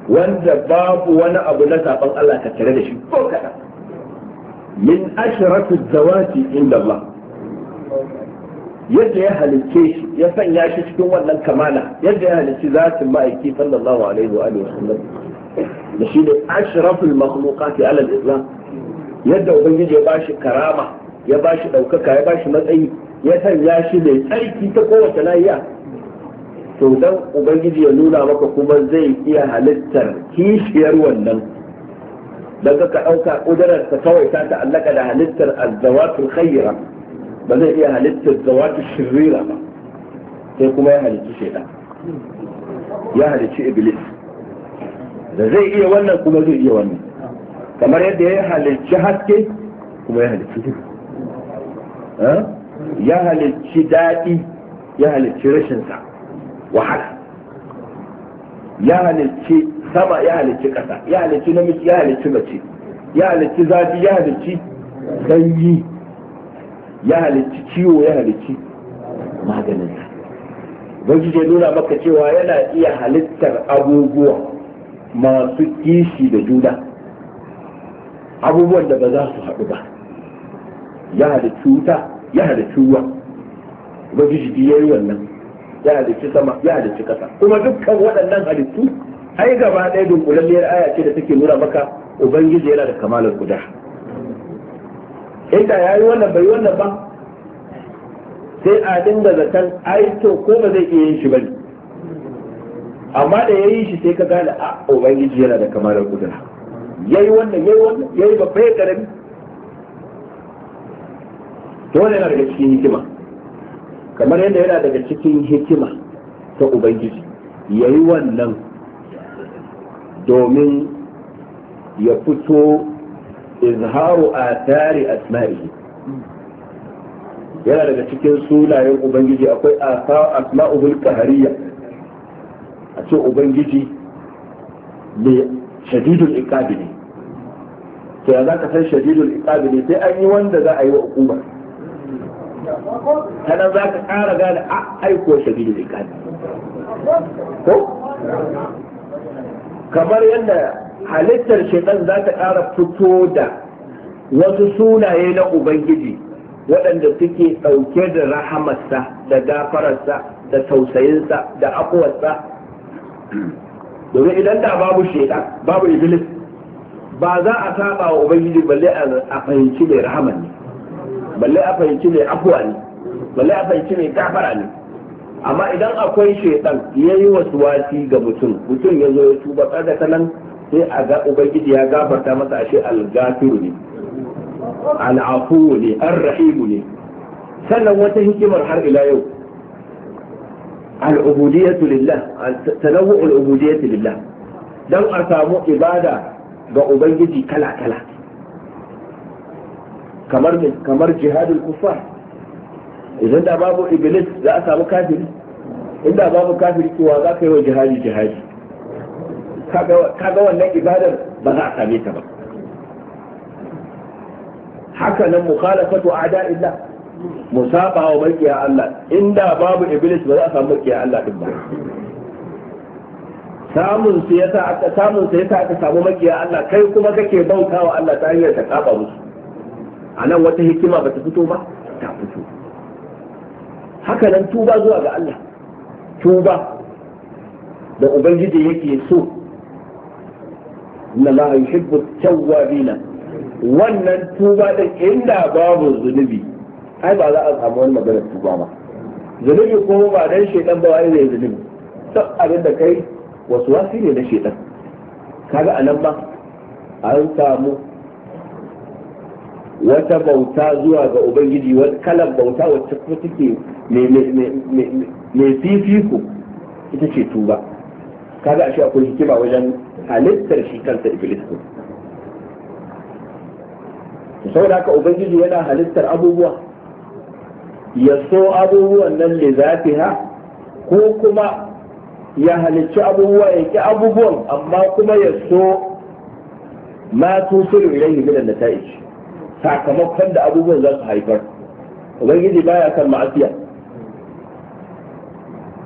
wanda babu wani abu na zaben Allah ta tare da shi ko kada min ashratu zawati inda Allah yadda ya halicce shi ya sanya shi cikin wannan kamala yadda ya halicci zatin ma'aiki sallallahu alaihi wa sallam da shi ne ashraful makhluqati ala al-islam yadda ubangiji ya bashi karama ya bashi daukaka ya bashi matsayi ya sanya shi mai tsarki ta kowace layiya to dan ubangiji ya nuna maka kuma zai iya halittar kishiyar wannan dan ka ɗauka ƙudurar ta kawai ta ta'allaka da halittar azzawatul khaira ba zai iya halittar zawatul shirira ba sai kuma ya halicci shaida ya halicci iblis da zai iya wannan kuma zai iya wannan kamar yadda ya halicci haske kuma ya halicci ya halicci daɗi ya halicci rashinsa wahala ya halicci sama ya halicci ƙasa ya halicci namiji ya halicci mace ya halicci zafi ya halicci sanyi ya halicci ciwo ya halicci maganin ubangiji ya nuna maka cewa yana iya halittar abubuwa masu kishi da juna abubuwan da ba za su haɗu ba ya halicci wuta ya halicci ruwa ubangiji ya yi wannan ya halicci sama ya halicci kasa kuma dukkan waɗannan halittu ai gaba ɗaya dunkulalliyar aya ce da take nuna maka ubangiji yana da kamalar guda inda yayi wannan bai wannan ba sai a dinga zaton ai to ko ba zai iya yin shi ba amma da yayi shi sai ka gane a ah, ubangiji yana da kamalar Ya yayi wannan yayi wannan yayi babba ya karami dole yana daga cikin hikima kamar yadda yana daga cikin hikima ta ubangiji ya yi wannan domin ya fito izharu a tari asma'i yana daga cikin sunayen ubangiji akwai asma'ul kahariya a ce ubangiji mai shadidul iqabi ne sai za ka san shadidul iqabi ne sai an yi wanda za a yi wa hukuma sanan za ka ƙara gane a ah, aiko shabi da zikani ko kamar yadda halittar shaitan za kara fito da wasu sunaye na ubangiji waɗanda suke ɗauke da rahamarsa da gafararsa da tausayinsa da afuwarsa domin idan da babu shaitan babu iblis ba za a saba wa ubangiji balle a fahimci mai rahaman ne balle a fahimci mai afuwa ne balle a fahimci mai kafara ne amma idan akwai shaitan ya yi wasu wasi ga mutum mutum ya zo ya tuba kada kanan sai a ga ubangiji ya gafarta masa ashe al-gafiru ne al-afu ne ar-rahimu ne sannan wata hikimar har ila yau al'ubudiyatu lillah tanawwu al'ubudiyatu lillah dan a samu ibada ga ubangiji kala kala kamar ne kamar jihadul kuffar idan da babu iblis za a samu kafiri inda babu kafiri kuwa za ka yi wa jihadi jihadi kaga wannan ibadar ba za a same ta ba haka nan mukhalafatu a'da illa musaba wa makiya Allah inda babu iblis ba za a samu makiya Allah din ba samun su yasa aka samun su yasa aka samu makiya Allah kai kuma kake bautawa Allah ta hanyar ta kaba musu a nan wata hikima ba ta fito ba ta fito haka nan tuba zuwa ga Allah tuba da ubangiji yake so inna la yuhibbu tawwabina wannan tuba din inda babu zunubi ai ba za a samu wani magana tuba ba zunubi kuma ba dan shedan ba wai zai zunubi duk abin da kai wasu wasi ne na shedan kaga anan ba an samu wata bauta zuwa ga ubangiji wata kalan bauta wacce kuma take mai fifiko ita ce tuba kaga ashe akwai hikima wajen halittar shi kansa iblis ko saboda haka ubangiji yana halittar abubuwa ya so abubuwan nan le ha, ko kuma ya halicci abubuwa ya ki abubuwan amma kuma ya so ma tusiru ilaihi min an-nata'ij sakamakon da abubuwan za su haifar ubangiji baya san ma'asiya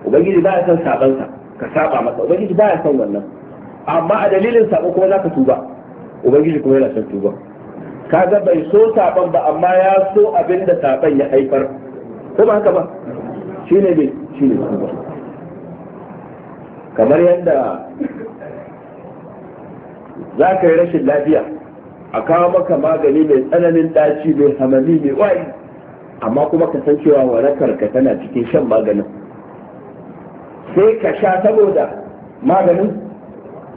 ubangiji baya san sabansa ka saba masa ubangiji baya san wannan amma a dalilin sabo kuma zaka tuba ubangiji kuma yana son tuba kaga bai so saban ba amma ya so abin da saban ya haifar ko ba haka ba shine ne shine tuba kamar yadda za ka yi rashin lafiya a kawo maka magani mai tsananin daci mai hamami mai wari amma kuma ka san cewa warakar ka tana cikin shan maganin sai ka sha saboda maganin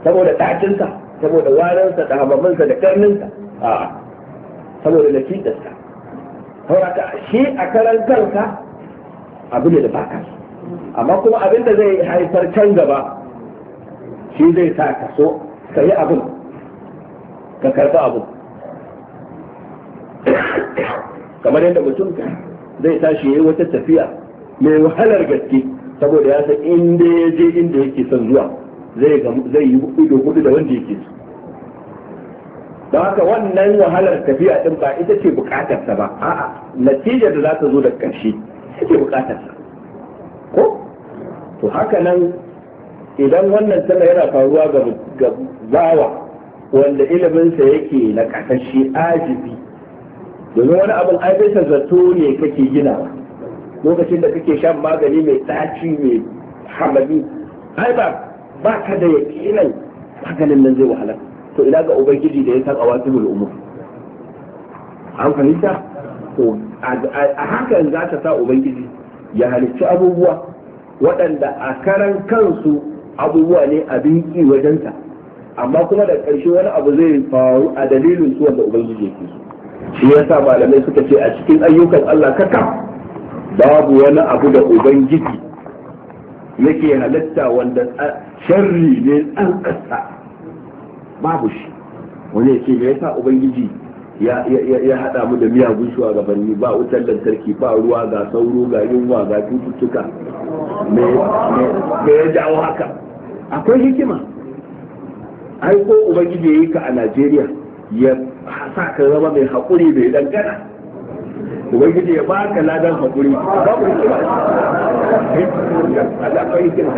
saboda dacinsa saboda warinsa da hamaminsa da karninsa a saboda lafidarsa sauraka shi a karan kanka abu ne da baka amma kuma abin da zai haifar can gaba shi zai sa ka so ka yi abin ka karɓi abu kamar yadda mutum zai tashi ya yi wata tafiya mai wahalar gaske saboda ya san inda ya je inda yake son zuwa zai yi ido hudu da wanda yake su da haka wannan wahalar tafiya din ba ita ce bukatarsa ba a'a natijar da za ta zo da karshe ita ce bukatarsa ko to haka nan idan wannan tana yana faruwa ga bawa wanda iliminsa yake na kasashe ajibi domin wani abin aibinsa zato ne kake ginawa lokacin da kake shan magani mai tsaci mai hamami ai ba ba ka da yakinan maganin nan zai wahala to ina ga ubangiji da ya san awatimul umur an fahimta to a hakan za ta sa ubangiji ya halicci abubuwa waɗanda a karan kansu abubuwa ne abin ki wajensa amma kuma da ƙarshe wani abu zai faru a dalilin su wanda ubangiji su shi sa malamai suka ce a cikin ayyukan Allah kaka babu wani abu da ubangiji yake halatta wanda sharri ne an kasa babu shi wani ya ce me yasa ubangiji ya haɗa mu da miyagun shugabanni ba wutar lantarki ba ruwa ga sauro ga yunwa ga cututtuka me ya jawo haka akwai hikima ai ko ubangiji ya yi ka a najeriya ya sa ka zama mai haƙuri mai dangana ubangiji ya ba ka ladan haƙuri babu kiba akwai hikima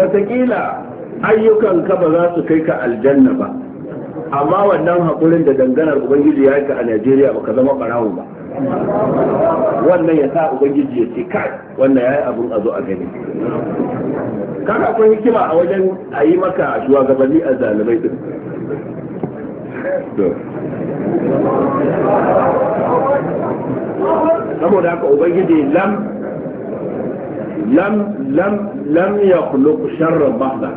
akwai ayyukan ka ba za su kai ka aljanna ba amma wannan haƙurin da danganar ubangiji ya yi ka a najeriya ba ka zama ɓarawo ba wannan ya sa ubangiji ya ce kai wannan ya yi abun a zo a gani kaga akwai hikima a wajen a yi maka shugabanni a zalimai din saboda haka ubangiji lam lam lam lam ya khuluq sharran bahda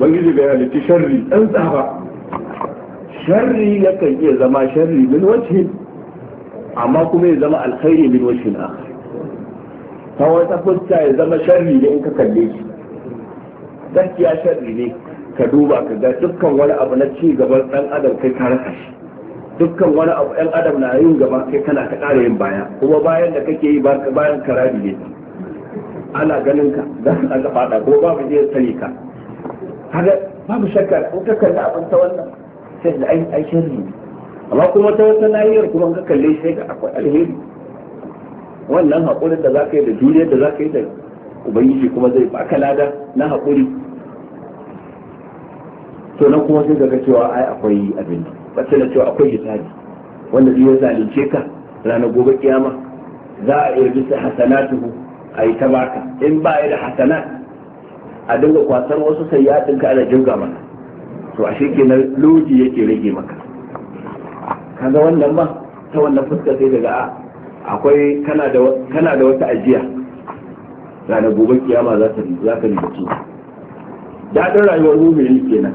ubangiji bai halitti sharri ɗan tsaba sharri yakan iya zama sharri min wacce? amma kuma ya zama alkhairi min wajhin akhar ta wata fuska ya zama sharri ne in ka kalle shi gaskiya sharri ne ka duba ka ga dukkan wani abu na ci gaban dan adam kai ka rasa shi dukkan wani abu ɗan adam na yin gaba kai kana ta ƙara yin baya kuma bayan da kake yi bayan karabi ne ana ganin ka za su ɗaga fada ko babu je sani ka kaga babu shakka ko ka kalli abin ta wannan sai da ai ai sharri ne amma kuma ta wata nahiyar kuma ka kalle sai ga akwai alheri wannan haƙurin da za ka yi da duniya da za ka yi da ubangiji kuma zai baka lada na haƙuri to nan kuma sai ga cewa ai akwai abin bace da cewa akwai hisabi wanda zai zalunce ka ranar gobe kiyama za a iya bisa hasanatuhu a yi ta baka in ba ya da hasanat a dinga kwasar wasu sai ya dinka ana jirga maka to ashe kenan loji yake rage maka kaga wannan ba ta wannan fuska sai daga a akwai kana da wata ajiya ranar gobe kiyama za ta za ka rikici daɗin rayuwar mumini kenan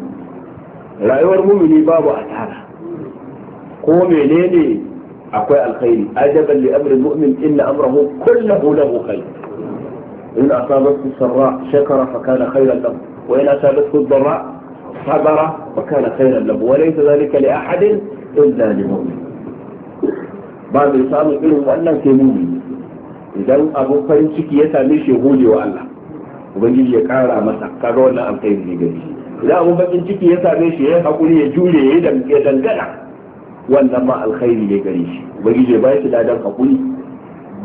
rayuwar mumini babu asara ko menene akwai alkhairi ajaban li amri mu'min inna amrahu kullahu lahu khair in asabatu sarra shakara fa kana khairan lahu wa in asabatu dharra sabara fa kana khairan lahu wa laysa dhalika li ahadin illa li mu'min ba mai samun irin wannan sai mu'min idan abin farin ciki ya same shi gode wa Allah ubangiji ya kara masa kaga wannan alkhairi ne gari idan abin bakin ciki ya same shi ya hakuri ya jure ya dangana wannan ma alkhairi ne gari shi ubangiji ya ba shi ladan hakuri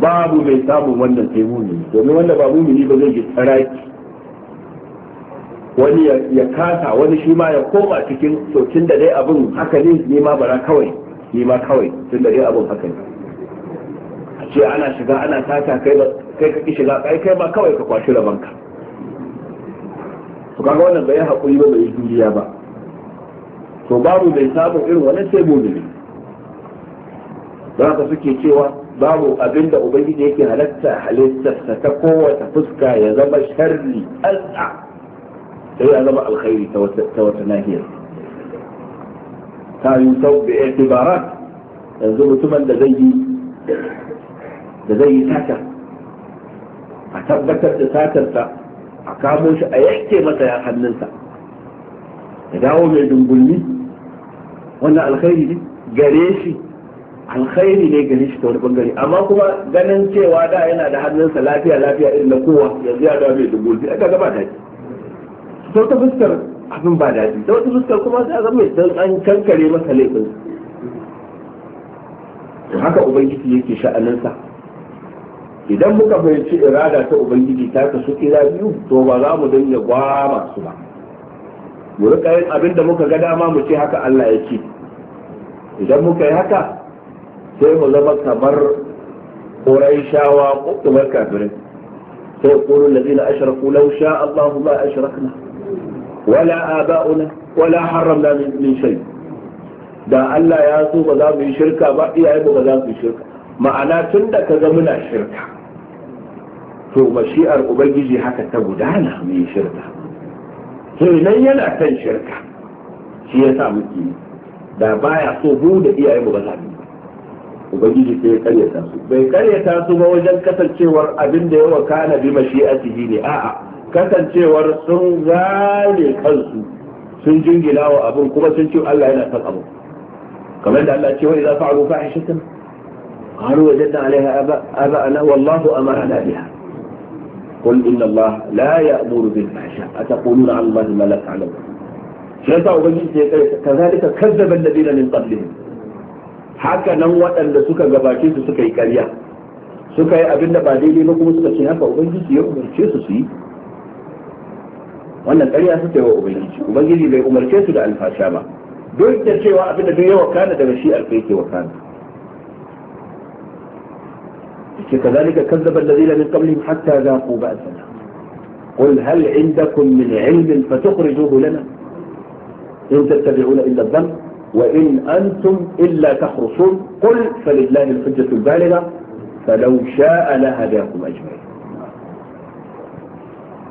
babu mai samun wannan sai mu'min domin wanda ba mu'mini ba zai ji tsaraki wani ya kasa wani shi ma ya koma cikin to tun da dai abin haka ne ni ma bara kawai ni ma kawai tun da dai abin haka ne a ce ana shiga ana sata kai kai ka shiga kai kai ma kawai ka kwashi rabanka to kaga wannan bai haƙuri ba bai juriya ba to babu mai samun irin wani sai mumini ne haka suke cewa babu abin da ubangiji yake halatta halittarsa ta kowace fuska ya zama sharri al'a sai ya zama alkhairi ta wata nahiyar ta yi sau da itibarat yanzu mutumin da zai yi da zai yi sata a tabbatar da satarsa a kamo shi a yanke masa hannunsa da dawo mai dungulmi wannan alkhairi ne gare shi alkhairi ne gare shi ta wani bangare amma kuma ganin cewa da yana da hannunsa lafiya lafiya irin na kowa yanzu ya dawo mai dungulmi aka gaba ta ta wata fuskar abin ba daɗi ta wata fuskar kuma sai a zama idan an kankare masa laifin haka ubangiji yake sha'aninsa idan muka fahimci irada ta ubangiji ta kasu kira biyu to ba za mu dinga gwama su ba mu rika yin abin da muka ga dama mu ce haka Allah ya ce idan muka yi haka sai mu zama kamar قريشاوا وقبل كافرين سيقول الذين أشركوا لو شاء الله ما أشركنا wala aba'una wala haramna min shay da Allah ya so ba za mu yi shirka ba iyaye ba za su yi shirka ma'ana tun da ka ga na shirka to mashi'ar ubangiji haka ta gudana mu yi shirka nan yana kan shirka shi ya sa muke da baya so mu da iyaye mu ba za mu ubangiji sai ya karyata su bai karyata su ba wajen kasancewar abin da ya wakana bi mashi'atihi ne a'a kasancewar sun gane kansu sun jingina wa abin kuma sun ce Allah yana son abu kamar da Allah ce wa idza fa'alu fahishatan qalu wajadna 'alayha aba'ana wallahu amarna biha قل إن الله لا يأمر بالفحشاء أتقولون على الله ما لا تعلمون شيطان وبنجي كذلك كذب الذين من قبلهم haka nan waɗanda suka gabace su suka yi ƙarya suka yi abin da ba daidai kuma suka ce haka ya umarce su su yi wannan ƙarya suka yi wa ubangiji ubangiji bai umarce su da alfasha ba don ta cewa abin da duk yawa kana daga shi alfai ke wa kana yake kazalika kazzaba allazina min qablihim hatta zaqu ba'sana قل هل عندكم من علم فتخرجوه لنا إن تتبعون إلا الظن وإن أنتم إلا تخرصون قل فلله الحجة البالغة فلو شاء لهداكم أجمعين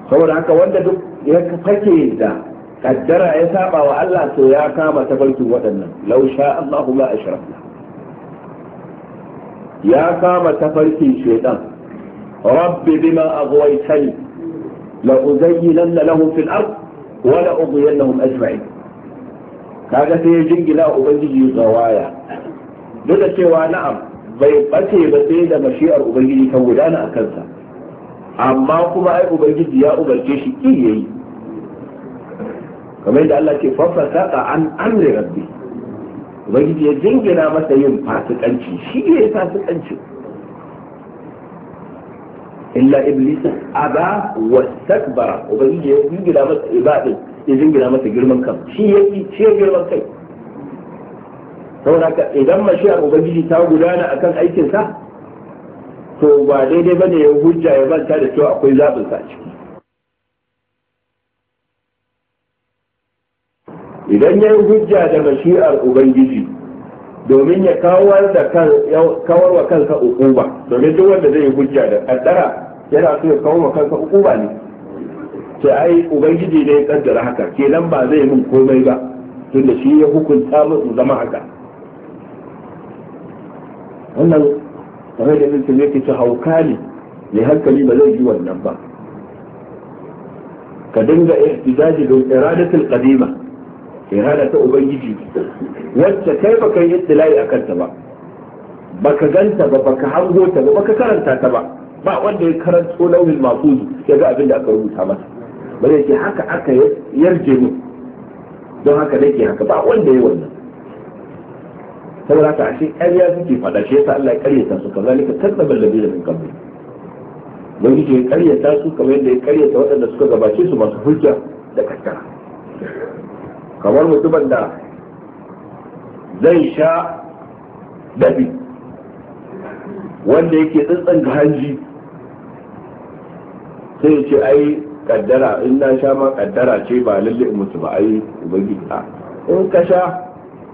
saboda haka wanda duk ya fake da kaddara ya saba wa Allah to ya kama tafarkin waɗannan law sha Allahu la ashrafna ya kama tafarkin shaytan rabbi bima aghwaytani la uzayyinanna lahum fil ard wa la ughwiyannahum ajma'in kaga sai ya jingila ubangiji gawaya duk da cewa na'am bai bace ba sai da mashi'ar ubangiji kan gudana a kansa amma kuma ai ubangiji ya umarce shi ki yayi kamar yadda Allah ke ka an amri rabbi ubangiji ya jingina masa yin fasikanci shi ne fasikanci illa iblis aba takbara ubangiji ya jingina masa ibadin ya jingina masa girman kan shi ya shi ya girman kai saboda idan mashiyar ubangiji ta gudana akan aikinsa to ba daidai bane ya hujja ya manta da cewa akwai zaɓin sa ciki idan ya yi hujja da mashi'ar ubangiji domin ya kawar da kan kawar wa kansa ukuba domin duk wanda zai yi hujja da kaddara yana so ya kawar wa kansa ukuba ne sai ai ubangiji ne ya kaddara haka kenan ba zai min komai ba tunda shi ya hukunta min zama haka wannan kamar da ibn yake ta hauka ne mai hankali ba zai yi wannan ba ka dinga ihtijaji da iradatul qadima irada ta ubangiji wacce kai baka yi ittilai akan ta ba baka ganta ba baka hango ta ba baka karanta ta ba ba wanda ya karanto lauhin mahfuz ya ga abin da aka rubuta masa bare zai ce haka aka yarje mu don haka nake haka ba wanda ya wannan saboda haka ashe ƙarya suke faɗa shi yasa Allah ya ƙaryata su kazalika kadzaba ladina min qabl yi ke ƙaryata su kamar yadda ya ƙaryata waɗanda suka gabace su masu hujja da kaskara kamar mutumin da zai sha dabi wanda yake tsantsan ga hanji sai ya ce ai kaddara in na sha ma kaddara ce ba lalle mutu ba ai ubangiji a in ka sha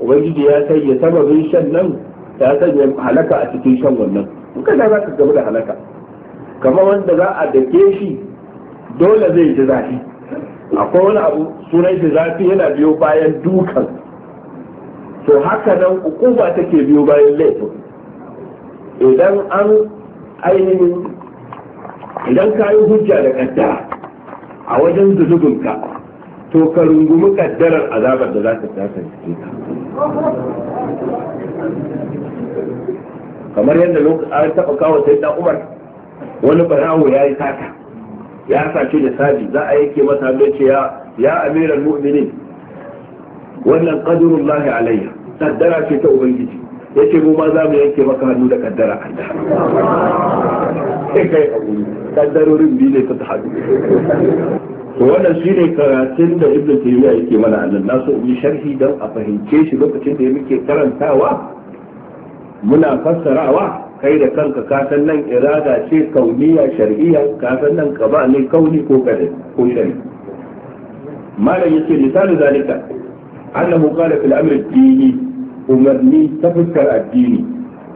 ubangiji ya sai sanya sababin shan nan ya sanya halaka a cikin shan wannan in ka za ka gaba da halaka kamar wanda za a dake shi dole zai ji zafi akwai wani abu sunan shi zafi yana biyo bayan dukan to haka nan hukuma take biyo bayan laifin idan an ainihin idan ka yi hujja da kaddara a wajen zunubinka to ka rungumi kaddarar azabar da za ta tasa cikin ka kamar yadda an taɓa kawo sai da umar wani barawo ya yi sata ya sace da saji za a yake masa hannu ce ya amiran mu'minin wannan ƙadurun lahi alayya kaddara ce ta ubangiji ya ce mu ma za mu yanke maka hannu da kaddara kaddara kai kaddarorin biyu ne ta haɗu to wannan shi ne karatun da ibn taymiya yake mana annan na so yi sharhi don a fahimce shi lokacin da ya muke karantawa muna fassarawa kai da kanka ka san nan irada ce kauniya shar'iyya ka san nan qaba ne kauni ko kada ko shari malam yace misali zalika annahu qala fil amr dini umarni tafakkar addini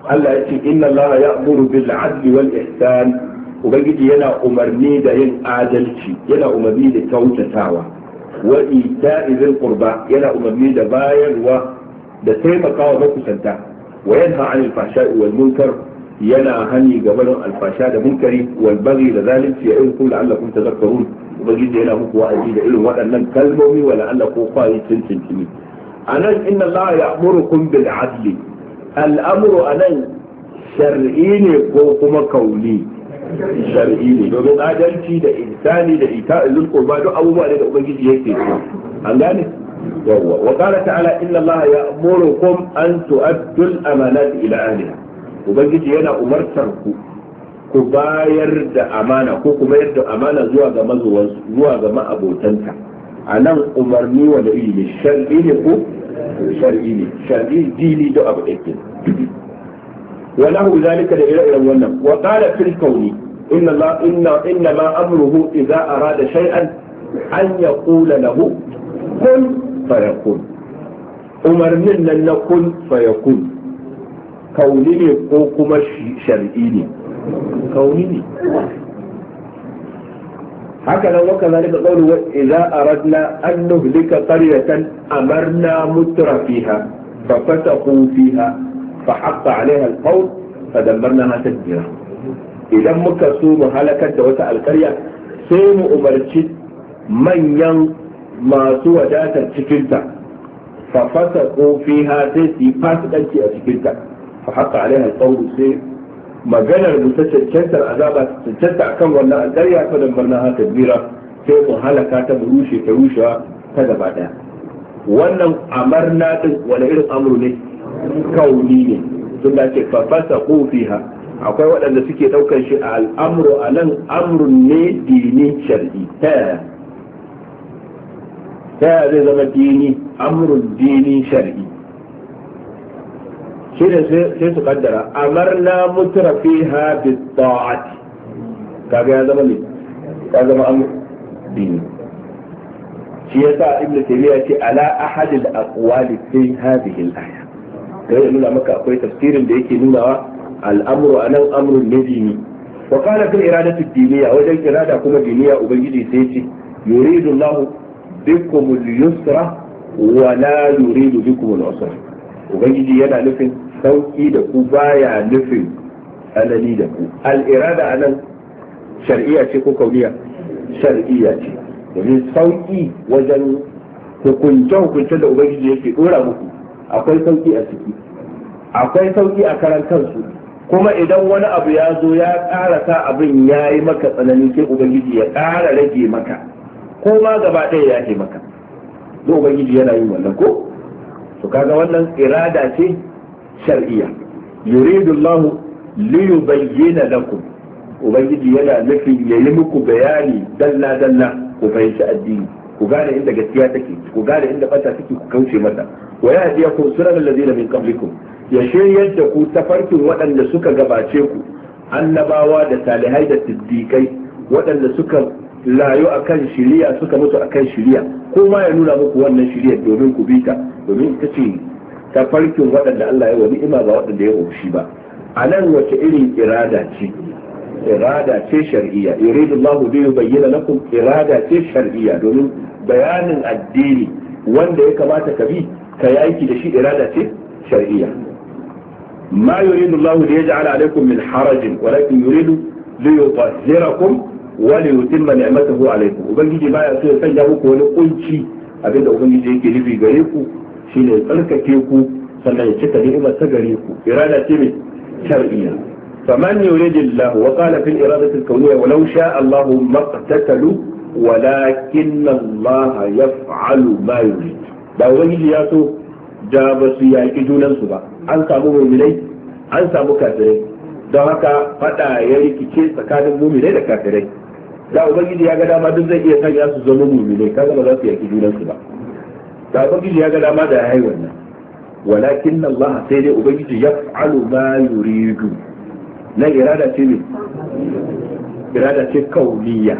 Allah yace inna Allah ya'muru bil 'adli wal ihsan ubangiji yana umarni da yin adalci yana umarni da kyautatawa wa ita'i zil qurba yana umarni da bayarwa da taimakawa makusanta wa yanha 'anil fahsha'i wal munkar yana hani ga barin alfasha da munkari wal baghi da zalunci ya irin kun la'allakum tadhakkarun ubangiji yana muku wa'azi da irin waɗannan kalmomi wa la'allakum qali tuntuntuni anan inna allaha ya'murukum bil 'adli al'amru anan shar'i ne ko kuma kauni shar'i ne domin adalci da insani da ita zul qurba duk abubuwa ne da ubangiji yake so an gane yawwa wa qala ta'ala inna allaha ya'murukum an tu'addu al-amanati ila ahliha ubangiji yana umartar ku ku bayar da amana ko ku bayar da amana zuwa ga mazuwan zuwa ga ma'abotanta a nan umarni wanda iri ne shar'i ne ko shar'i ne shar'i dini da abu ɗaya وله ذلك لإلى إلى ونم وقال في الكون إن الله إن إنما أمره إذا أراد شيئا أن يقول له كن فيكون أمر منا أن كن فيكون كونني قوكم الشرئيني كونني هكذا وكذلك قول إذا أردنا أن نهلك قرية أمرنا متر فيها ففتقوا فيها فحق عليها القول فدمرناها تدبيرا idan muka so mu halakar da wata alkarya sai mu umarci manyan masu wadatar cikinta fa fasa fiha sai su yi fasikanci a cikinta fa haka alaiha alqawlu sai maganar mu ta cancantar azaba ta cancanta akan wannan alkarya fa da barna haka bira sai mu halaka ta mu rushe ta rushewa ta gaba daya wannan amarna din wani irin amru ne kauni ne sun ce fa fasa fiha akwai waɗanda suke ɗaukar shi a al'amuru a nan amrun ne dini shar'i ta yaya ta yaya zai zama dini amrun dini shar'i shi ne sai su kaddara amarna mutura fiha bi ta'ati kaga ya zama ne ya zama amru dini shi yasa ibnu taymiya ce ala ahad al aqwali fi hadhihi al aya kai nuna maka akwai tafsirin da yake nunawa al'amru nan amrun ne dini wa qala fil iradatu diniya wajen irada kuma diniya ubangiji sai ce yuridu Allahu bikum al-yusra wa la yuridu bikum al-usra ubangiji yana nufin sauki da ku baya nufin alali da ku al-irada anan shar'iyya ce ko kauniya shar'iyya ce domin sauki wajen hukunce hukunce da ubangiji yake dora muku akwai sauki a ciki akwai sauki a karan kansu kuma idan wani abu ya zo ya ƙara sa abin ya yi maka tsanani sai ubangiji ya ƙara rage maka ko ma gaba ɗaya ya ke maka don ubangiji yana yin wannan ko to kaga wannan irada ce shar'iyya yuridu Allah li yubayyana lakum ubangiji yana nufin ya yi muku bayani dalla dalla ku fahimci addini ku gane inda gaskiya take ku gane inda bata take ku kauce mata wa ya hadiyakum sunan allazina min qablikum ya shiryar da ku tafarkin waɗanda suka gabace ku annabawa da salihai da siddiƙai waɗanda suka layo akan shiriya suka mutu akan shirya ko ma ya nuna muku wannan shirya domin ku bi ta domin ita ce tafarkin waɗanda Allah ya wani ima ba waɗanda ya hoshi ba a nan wace irin irada ce irada ce shar'iyya yuridu Allah bi yubayyana lakum irada ce shar'iyya domin bayanin addini wanda ya kamata ka bi ka yi aiki da shi irada ce shar'iyya ما يريد الله ليجعل عليكم من حرج ولكن يريد ليطهركم وليتم نعمته عليكم ubangiji baya so ya sanya muku wani kunci abinda ubangiji yake nufi gare ku shine ya tsarkake ku sannan ya cika ni'imar ta gare ku irada ce mai shar'iyya faman yuridillahu wa qala fil iradati al-kawniyya walau sha'a Allahu maqtatalu ولكن الله يفعل ما يريد da ubangiji ya so da ba su yaƙi junansu ba an samu muminai an samu kafirai don haka fada ya rikice tsakanin muminai da kafirai da ubangiji ya ga dama duk zai iya sanya su zama muminai kaga ba za su yaƙi junansu ba da ubangiji ya ga dama da ya haihu wannan walakin Allah sai dai ubangiji ya fa'alu ma yuridu na irada ce ne irada ce kauniya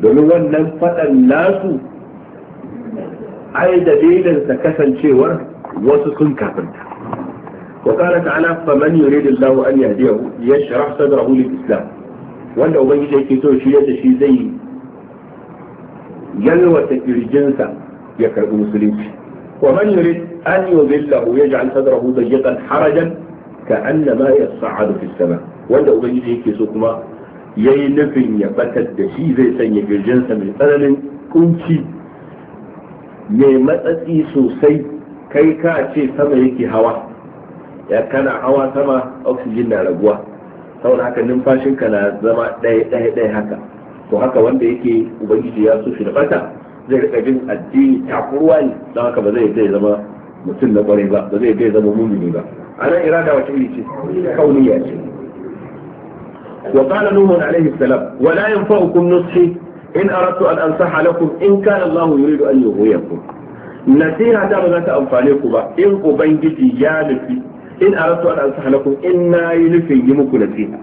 domin wannan fadan nasu ai da dalilinsa kasancewar وسسن كافر وقال تعالى فمن يريد الله أن يهديه يشرح صدره للإسلام وأن أبنى جيكي سوى شيء يتشي زي يلوى تكير جنسا يكرق مسلمك ومن يريد أن يذله يجعل صدره ضيقا حرجا كأنما يصعد في السماء وأن أبنى جيكي سوى كما ينفن يبتد شيء زي سن يكير جنسا من قلل كنتي ما يمتأتي سوسيت kai ka ce sama yake hawa ya kana hawa sama oxygen na raguwa saboda haka numfashinka na zama ɗaya ɗaya ɗaya haka to haka wanda yake ubangiji ya so shi da bata zai rika jin addini takuruwa ne don haka ba zai zai zama mutum na kwarai ba ba zai zai zama mumini ba ana irada wace iri ce kauniya ce wa qala nuhu alaihi salam wa la yanfa'ukum نصحي in aradtu an ansaha lakum in kana allah yuridu an يغويكم nasiha ta ba za ta amfane ku ba in ubangiji ya nufi in rasu an su halakun in yi nufin yi muku nasiha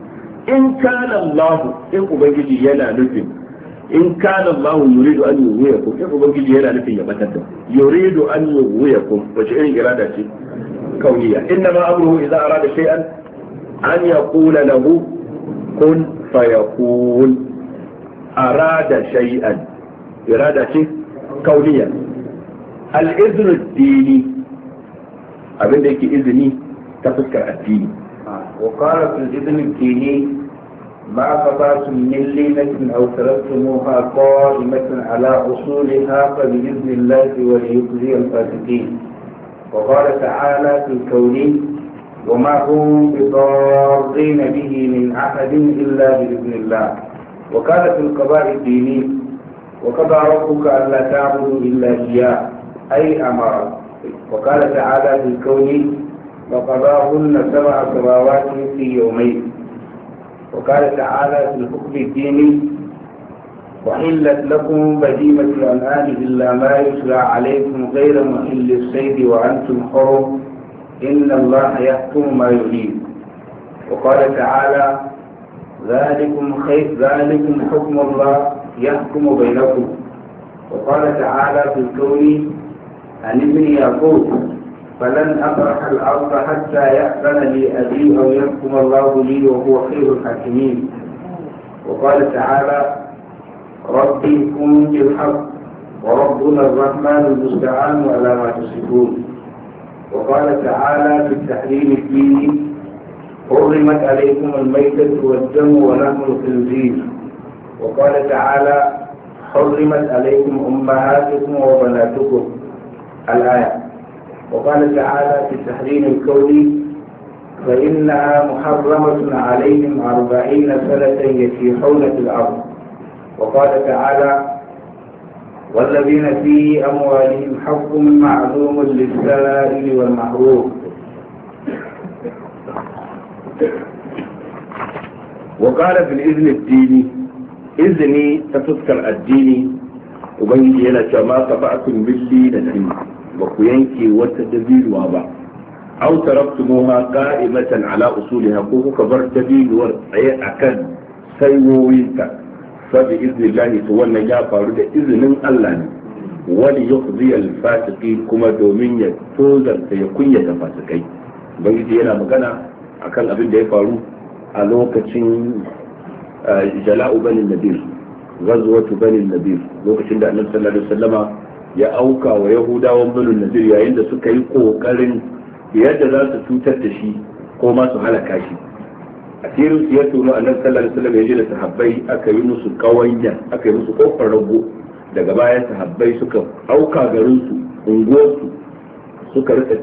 in kana Allah in ubangiji yana nufin in kana Allah yuridu an ku in ubangiji yana nufin ya batar da yuridu an ku wace irin irada ce kauniya inna ma amruhu idza arada shay'an an yaqula lahu kun fayakun arada shay'an irada ce kauniya الاذن الديني ad-dini abin da yake izini ta fuskar addini ما قطعتم من لينة أو تركتموها قائمة على أصولها فبإذن الله وليخزي الفاسقين وقال تعالى في الكون وما هم بضارين به من أحد إلا بإذن الله وقال في القضاء الديني وقضى ربك ألا تعبدوا إلا إياه أي أمر وقال تعالى في الكون وقضاهن سبع سماوات في يومين وقال تعالى في الحكم الديني وحلت لكم بهيمة الأنعام إلا ما يتلى عليكم غير محل الصيد وأنتم حرم إن الله يحكم ما يريد وقال تعالى ذلكم خير ذلكم حكم الله يحكم بينكم وقال تعالى في الكون عن ابن يعقوب فلن أبرح الأرض حتى يأذن لي أبي أو يحكم الله لي وهو خير الحاكمين وقال تعالى ربي كن بالحق وربنا الرحمن المستعان على ما تصفون وقال تعالى في التحريم الديني حرمت عليكم الميتة والدم ولحم الخنزير وقال تعالى حرمت عليكم أمهاتكم وبناتكم الآية وقال تعالى في التحريم الكوني فإنها محرمة عليهم أربعين سنة يسيحون في الأرض وقال تعالى والذين في أموالهم حق معلوم للسائل والمحروم وقال في الإذن الديني إذني تتذكر الديني وبنجي هنا كما طبعتم باللي لديني ba ku yanke wata dabiluwa ba aw taraktumuha qa'imatan ala usuliha ko kuka bar dabiruwar tsaye akan saiwoyinta fa bi iznillahi to wannan ya faru da izinin Allah ne wani yuqdi al-fasiqi kuma domin ya tozarta ya kunyata fasikai ubangiji yana magana akan abin da ya faru a lokacin eh, jala'u bani nadir ghazwatu bani nadir lokacin da annabi sallallahu alaihi ya auka wa yahudawan binin nazir yayin da suka yi kokarin yadda za su cutar da shi ko ma su halaka shi asirin su ya tono a sallallahu alaihi wasallam ya ji da sahabbai aka yi musu kawanya aka yi musu kofar rago daga bayan sahabbai suka auka garin su su suka rika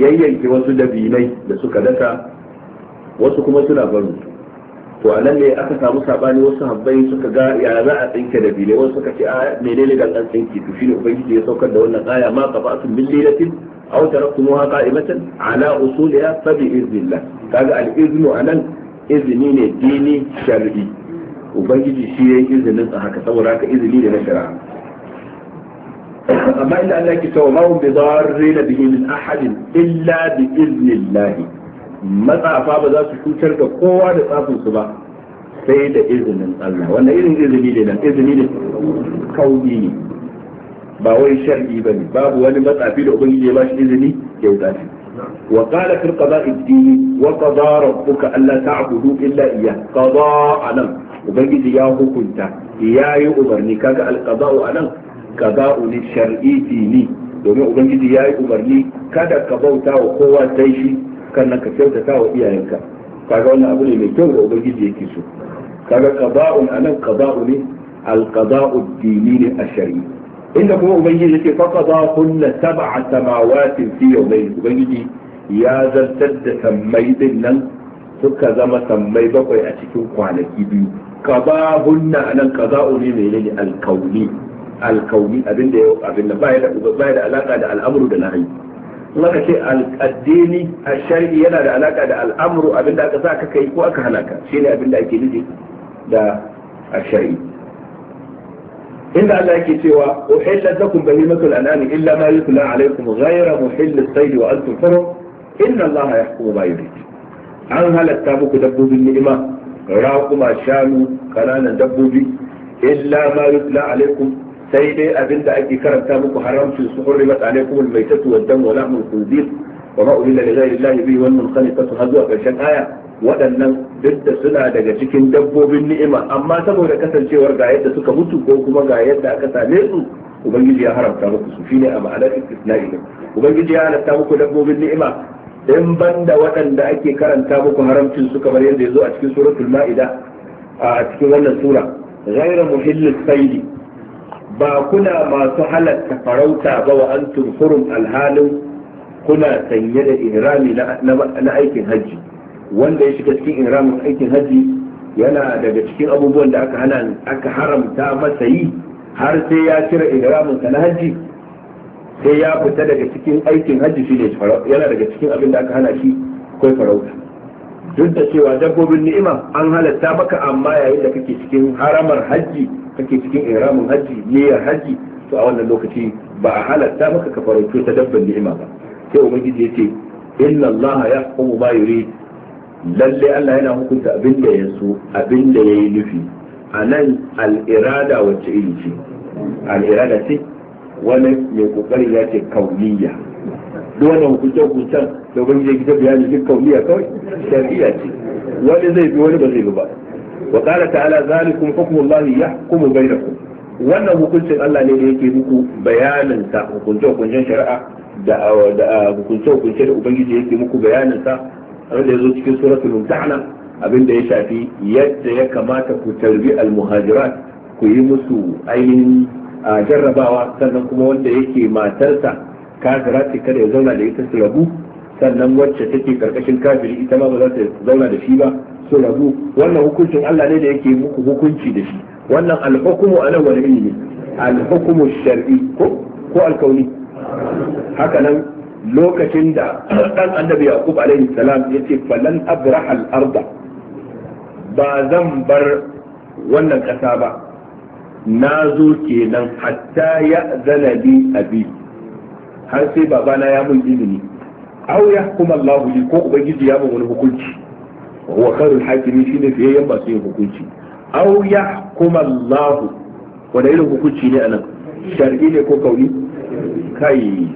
yayyanke wasu dabinai da suka daka wasu kuma suna barin su to a nan ne aka samu sabani wasu habbai suka ga ya za a tsinke da bile wasu suka ce a menene dan an tsinke to shine ubangiji ya saukar da wannan aya ma qafatun min lilatin aw taraktumuha qa'imatan ala usuliha fa bi iznillah kaga al iznu anan izini ne dini shar'i ubangiji shi yayi izinin a haka saboda haka izini ne na shari'a amma inda Allah ke cewa ma hum bidarrin bihi min ahadin illa bi iznillahi matsafa ba za su cutar da kowa da tsafin su ba sai da izinin Allah wannan irin izini ne nan izini ne kauli ne ba wai shar'i ba ne babu wani matsafi da ubangiji ya bashi izini ya yi tsafi wa qala fil qada'i dini wa qada rabbuka alla ta'budu illa iyyah qada anan ubangiji ya hukunta ya yi umarni kaga al qada'u anan qada'u ni shar'i dini domin ubangiji ya yi umarni kada ka bauta wa kowa sai shi sannan ka kyautata wa iyayenka kaga wannan abu ne mai kyau ga ubangiji yake so kaga qada'un anan qada'u ne al-qada'u dini ne a inda kuma ubangiji yake fa qada kullu sab'a samawatin fi yawmayn ubangiji ya zartar da sammai din nan suka zama sammai bakwai a cikin kwanaki biyu qada hunna anan qada'u ne mai ne al-kauni al-kauni abinda abinda baya da baya da alaka da al'amuru da nahyi maka ce addini a shari'i yana da alaka da al'amuru abinda aka sa ka kai ko aka halaka shi ne abinda ake nufi da a shari'i inda Allah yake cewa uhillat lakum bahimatul anami illa ma yutla alaykum ghayra muhillis sayd wa antum hurum inna Allah yahkumu ma yurid an halatta muku dabbobin ni'ima raƙuma shanu kananan dabbobi illa ma yutla alaykum sai dai abin da ake karanta muku haramcin su hurrimat kuma mai tattu damu wala mun khinzir wa ma uhilla li ghayri Allah bihi wal munkhaliqatu har a karshen aya waɗannan duk da suna daga cikin dabbobin ni'ima amma saboda kasancewar ga yadda suka mutu ko kuma ga yadda aka same su ubangiji ya haramta muku su shine a ma'anar istisna'i ubangiji ya halatta muku dabbobin ni'ima in banda waɗanda ake karanta muku haramcin su kamar yadda ya zo a cikin suratul ma'ida a cikin wannan sura ghayra muhillis saidi ba kuna masu halatta farauta ba wa antum hurum alhalin kuna sanye da irami na aikin hajji wanda ya shiga cikin iramin aikin hajji yana daga cikin abubuwan da aka hana aka haramta masa yi har sai ya cire iramin sa na hajji sai ya fita daga cikin aikin hajji shi ne yana daga cikin abin da aka hana shi akwai farauta duk da cewa dabbobin ni'ima an halatta maka amma yayin da kake cikin haramar hajji kake cikin iramin hajji niyyar hajji to a wannan lokaci ba a halatta maka ka ta dabban ni'ima ba sai ubangiji yace inna allaha yahkumu ma yurid lalle Allah yana hukunta abin da ya so abin da yayi nufi anan al-irada wacce iri ce al-irada ce wani mai kokari ya ce kauniya duk wannan hukunce da ubangiji gida bayani duk kauliya kawai shari'a ce wani zai bi wani ba zai bi ba wa qala ta'ala zalikum hukmullahi yahkumu bainakum wannan hukuncin Allah ne da yake muku bayanin sa hukunce hukuncin shari'a da hukunce hukunce da ubangiji yake muku bayanin sa wanda yazo cikin suratul mumtahana abinda ya shafi yadda ya kamata ku tarbi al ku yi musu ainihin jarrabawa sannan kuma wanda yake matarsa kafira ce kada ya zauna da ita su rabu sannan wacce take karkashin kafiri ita ma ba za ta zauna da shi ba su rabu wannan hukuncin Allah ne da yake muku hukunci da shi wannan alhukumu a nan wani ne alhukumu shar'i ko ko alkauni haka nan lokacin da dan annabi yaqub alaihi salam yace falan abraha al-arda ba zan bar wannan kasa ba na zo kenan hatta ya zalabi abi har sai babana ya mun izini aw kuma Allahu li ko ubangiji ya mun hukunci wa huwa khairul hakimi shine fiyayyen ba sai hukunci aw kuma Allahu wa dai hukunci ne anan shar'i ne ko kauli kai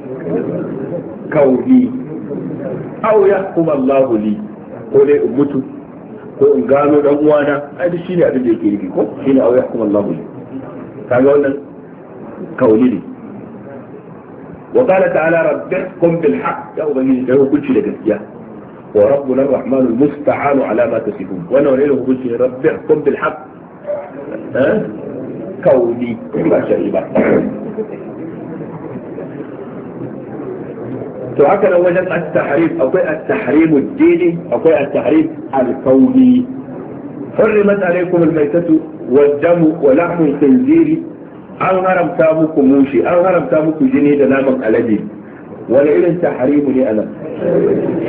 kauli aw kuma Allahu li ko dai in mutu ko in gano dan uwana ai duk shine abin da yake yi ko shine aw kuma Allahu li kaga wannan kauli ne وقال تعالى ربكم بالحق يا أبني له كل شيء لجسيا وربنا الرحمن المستعان على ما تصفون وانا وليله كل شيء ربكم بالحق ها كوني ما شيء تو هكا لو nan التحريم at-tahrim التحريم at-tahrim ad حرمت عليكم الميتة والدم ولحم الخنزير an haramta muku mushi an haramta muku jini da naman alade wani irin ta harimu ne anan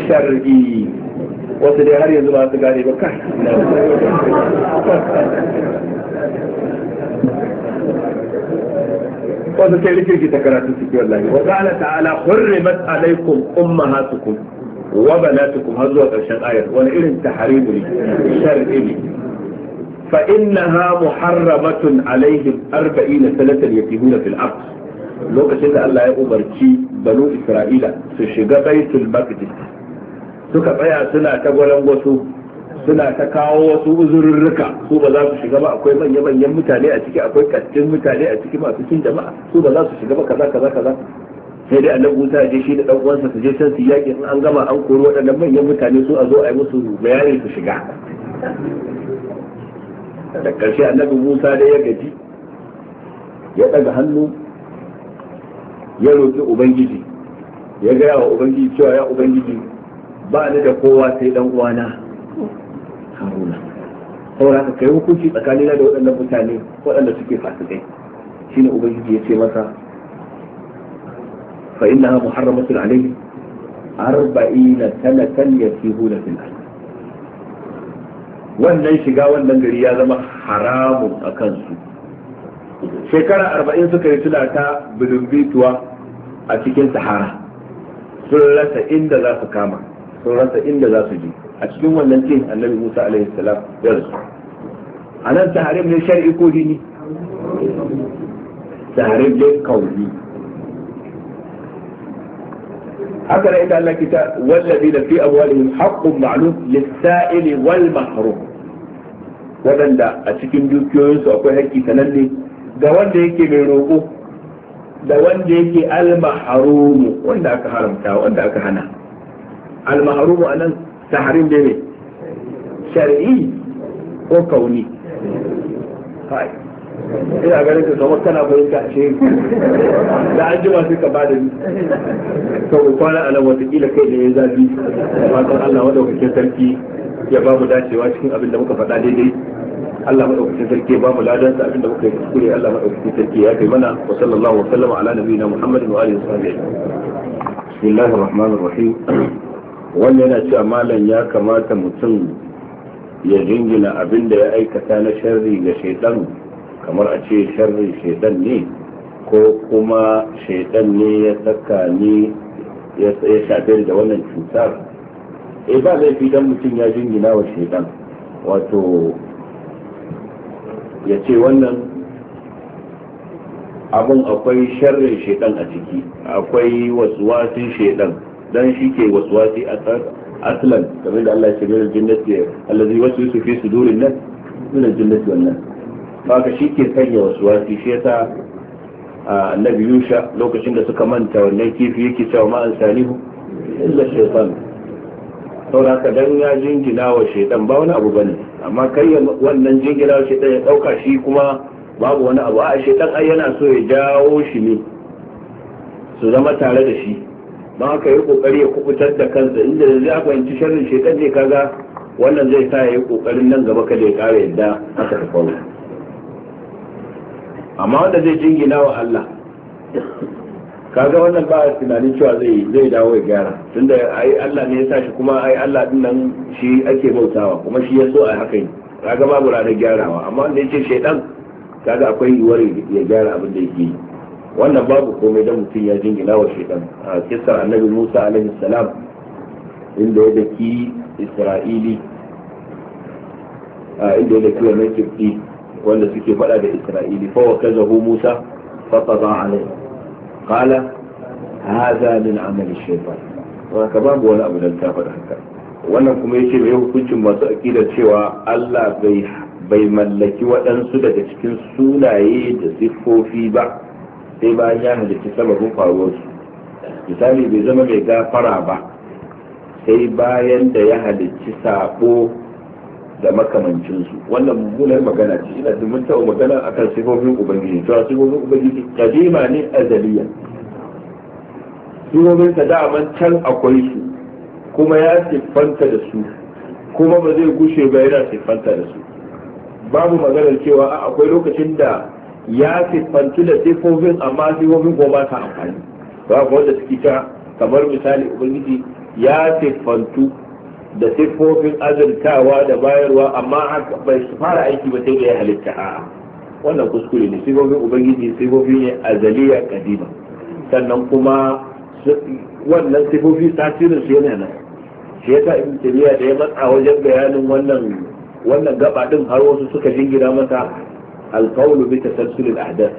shar'i wasu dai har yanzu ba su gane ba kai wasu sai rikirki ta karatu su suke wallahi wa qala ta'ala hurrimat alaykum ummahatukum wa banatukum har zuwa karshen ayar wani irin taharimu ne shar'i ne fa innaha muharramatun alaihim 40 sanatan yatihuna fil ard lokacin da Allah ya umarci banu Isra'ila su shiga baitul maqdis suka tsaya suna ta gwalangwaso suna ta kawo wasu uzurrurruka su ba za su shiga ba akwai manya-manyan mutane a ciki akwai kattin mutane a ciki masu cin jama'a su ba za su shiga ba kaza kaza kaza sai dai annabi Musa ya je shi da dan uwansa su je can su yaki in an gama an koro waɗannan manyan mutane su a zo a yi musu bayani su shiga da ƙarshe annabi musa da ya gaji ya ɗaga hannu ya roƙi ubangiji ya gaya wa ubangiji cewa ya ubangiji ba ni da kowa sai dan uwana haruna saboda haka kai hukunci tsakanina da waɗannan mutane waɗanda suke fasikai shine ubangiji ya ce masa fa innaha muharramatun alayhi arba'ina sanatan yasihuna fil ard wannan shiga wannan gari ya zama haramun a kansu shekara arba'in suka yi suna ta bituwa a cikin sahara sun rasa inda za su kama sun rasa inda za su je a cikin wannan cin annabi musa alaihi salam ya rasu a nan ne shari'i ko dini sahari ne kauni. haka da ita Allah kita wallazi da fi amwalihim haqqun ma'lum lis-sa'ili wal mahrum wadanda a cikin dukiyoyinsu akwai haƙƙi sananne ga wanda yake mai roƙo da wanda yake al-mahrum wanda aka haramta wanda aka hana al-mahrum anan tahrim ne shar'i ko kauni ina ganin ka kamar kana fahimta a shehu da an jima sai ka bada ni to ku kwana a nan watakila kai da ya zafi da fatan Allah madaukakin sarki ya ba mu dacewa cikin abin da muka faɗa daidai Allah madaukakin sarki ya ba mu ladan sa abin da muka yi kuskure Allah madaukakin sarki ya kai mana wa sallallahu wa sallama ala nabiyina Muhammadin wa alihi wa bismillahir rahmanir rahim wannan yana cewa malam ya kamata mutum ya jingina abin da ya aikata na sharri ga shaitan kamar a ce sharri shaidan ne ko kuma shaidan ne ya saka ni ya shafe da wannan cutar e ba laifi dan mutum ya jingina wa shaidan wato ya ce wannan abin akwai sharrin shaidan a ciki akwai wasuwasin shaidan dan shi ke wasuwasi a aslan kamar da Allah ya ce min allazi wasu fi sudurin nas min jinnati wannan kaga shi ke sanya wasu wasi shi yasa annabi yusha lokacin da suka manta wannan kifi yake cewa ma an salihu illa shaytan saboda haka dan ya jingina wa shaytan ba wani abu bane amma kai wannan jingina wa shaytan ya dauka shi kuma babu wani abu a shaytan ai yana so ya jawo shi ne su zama tare da shi ba ka yi kokari ya kubutar da kansa inda da zai fahimci sharrin shaytan ne kaga wannan zai sa ya yi kokarin nan gaba kada ya kara yadda aka ta faru amma wanda zai jingina wa Allah kaga wannan ba tunanin cewa zai zai dawo ya gyara tunda ai Allah ne ya sa shi kuma ai Allah din nan shi ake bautawa kuma shi ya so a haka ne kaga babu ranar gyarawa amma wanda yake shedan kaga akwai yiwuwar ya gyara abin da yake wannan babu komai dan mutum ya jingina wa shedan a kissar annabi Musa alaihi salam inda ya daki Isra'ili inda ya daki wannan wanda suke faɗa da isra'ili fa wakazahu musa fa qada alai qala hadha min amali shaytan wa ka ba mu wani abu da ta faɗa haka wannan kuma yace mai hukuncin masu aqida cewa Allah bai bai mallaki waɗansu daga cikin sunaye da siffofi ba sai bayan ya halitta sababin faruwarsu misali bai zama mai gafara ba sai bayan da ya halicci sabo da makamancinsu wannan mummunar magana ce ina da mutawa magana magana akan sifofin ubangiji to sifofin ubangiji kadima ne azaliya sifofin ta daman can akwai su kuma ya siffanta da su kuma ba zai gushe ba yana siffanta da su babu maganar cewa a akwai lokacin da ya siffantu da sifofin amma sifofin ko ba ta amfani ba wanda suke ta kamar misali ubangiji ya siffantu da siffofin azurtawa da bayarwa amma bai su fara aiki ba sai da ya halitta a wannan kuskure ne siffofin ubangiji siffofi ne azaliya kadima sannan kuma wannan siffofi tasirin su yana nan shi yasa ibn tabiya da ya matsa wajen bayanin wannan wannan gaba din har wasu suka jingina mata alqawlu bi tasalsul al-ahdath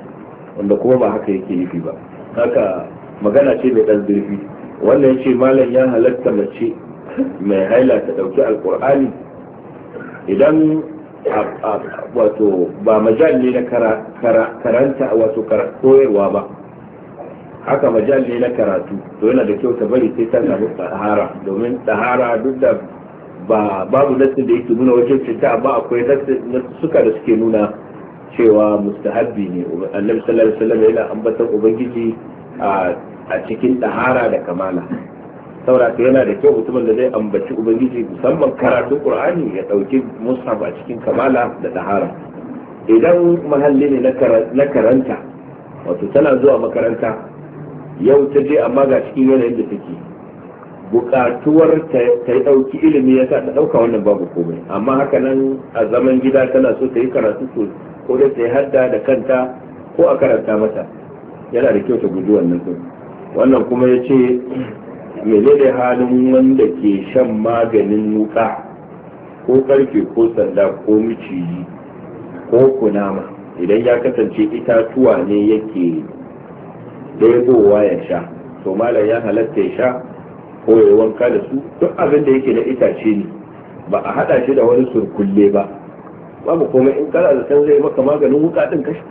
wanda kuma ba haka yake nufi ba haka magana ce mai dan zurfi wannan ce malam ya halatta mace mai haila ta ɗauki alkur'ani idan wato ba majal ne na karanta wato koyarwa ba haka majal ne na karatu to yana da kyau ta bari sai ta samu tsahara domin tsahara duk da ba babu nassin da yake nuna wajen cinta ba akwai suka da suke nuna cewa mustahabbi ne annabi sallallahu alaihi wasallam yana ambaton ubangiji a cikin tsahara da kamala saurata yana da kyau mutumin da zai ambaci ubangiji musamman karatun qur'ani ya dauki mushaf a cikin kamala da tahara idan mahalli ne na karanta wato tana zuwa makaranta yau ta je amma ga cikin yanayin da take bukatuwar ta yi dauki ilimi ya sa ta dauka wannan babu komai amma haka nan a zaman gida tana so ta yi karatu ko ko da ta yi hadda da kanta ko a karanta mata yana da kyau ta guji wannan wannan kuma ya ce ya da halin wanda ke shan maganin wuka ko karfe ko sanda ko miciji ko kunama idan ya kasance itatuwa ne yake ɗebowa ya sha to malam ya halatta ya sha ko ya wanka da su duk abin da yake da itace ne ba a haɗa shi da wani surkulle ba babu komai in kana da san zai maka maganin wuka ɗin kashi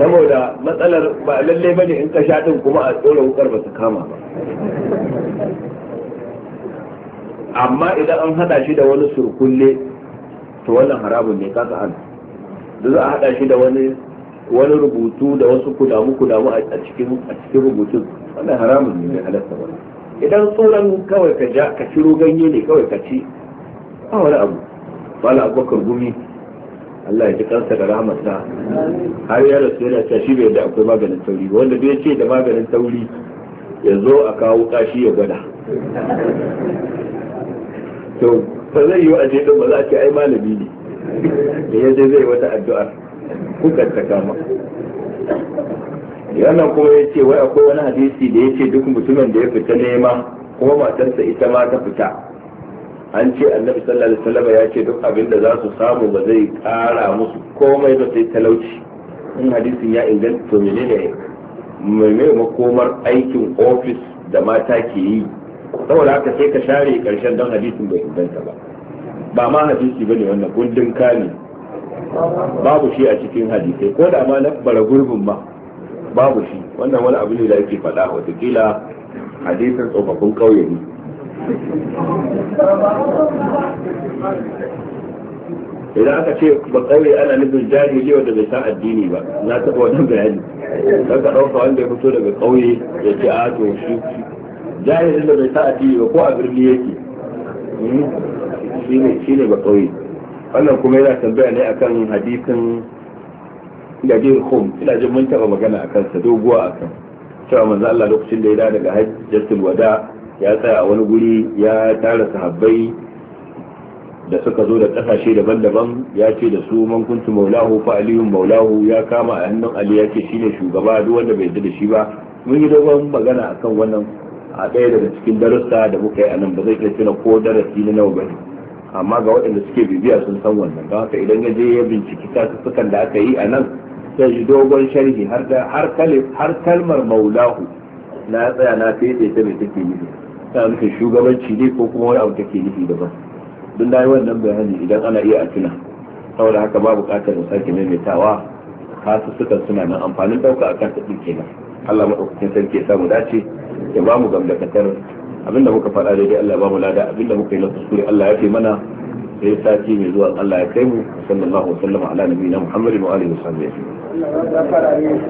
saboda matsalar ba lalle ba ne in ka sha din kuma a tsora wukar ba su kama ba amma idan an hada shi da wani surkulle to wannan haramun ne kasa an za a hada shi da wani wani rubutu da wasu kudamu kudamu a cikin a cikin rubutun wannan haramun ne mai halatta wani idan tsoron kawai ka ka ciro ganye ne kawai ka ci a wani abu wala abubakar gumi Allah ya ji kansa da rahmatsa har ya rasu yana ta shi bai da akwai maganin tauri wanda bai ce da maganin tauri ya zo a kawo kashi ya gwada to ba zai yi aje din ba za ki ai malami ne da ya je zai wata addu'ar kukan ta kama yana kuma ya ce wai akwai wani hadisi da ya ce duk mutumin da ya fita nema kuma matarsa ita ma ta fita an ce annabi sallallahu alaihi wasallam ya ce duk abin da za su samu ba zai kara musu komai ba sai talauci in hadisin ya inganta to menene menene makomar aikin ofis da mata ke yi saboda haka sai ka share karshen don hadisin bai inganta ba ba ma hadisi bane wannan gundun kani babu shi a cikin hadisai ko da ma na bara gurbin ma babu shi wannan wani abu ne da yake faɗa watakila hadisin tsofaffin ƙauye ne idan aka ce ba kauye ana nufin jahili da bai san addini ba na taɓa wannan bayani don ka ɗauka wanda ya fito daga kauye ya ce a ah, to shi jahilin da bai san addini ba ko a birni yake hmm? shi ne ba kauye wannan kuma yana tambaya ne akan hadisin gajiyar home ina jin mun taɓa magana akan sa doguwa akan cewa manzo Allah lokacin da ya daga hajjatul wada ya tsaya a wani guri ya tara sahabbai da suka zo da kasashe daban-daban ya ce da su man maulahu fa aliyun maulahu ya kama a hannun ali ya ce shine shugaba duk wanda bai da shi ba mun yi dogon magana akan wannan a ɗaya daga cikin darussa da muka yi a nan ba zai ko darasi na nawa ba amma ga waɗanda suke bibiya sun san wannan don haka idan ya je ya binciki tasuffukan da aka yi a nan sai shi dogon sharhi har kalmar maulahu na tsaya na fete ta mai take yi ta nufin shugabanci ne ko kuma wani abu take nufi daban don na yi wannan bayani idan ana iya a tuna saboda haka ba bukatar mu sake maimaitawa kasu suka suna nan amfanin dauka a kan taɗin kenan Allah maɗaukakin sarki ya samu dace ya ba mu gamdakatar abinda muka faɗa daidai Allah ba mu lada abinda muka yi na kuskure Allah ya fi mana sai sati mai zuwa Allah ya kai mu sallallahu alaihi wa sallam ala nabiyina Muhammadin wa alihi wa sahbihi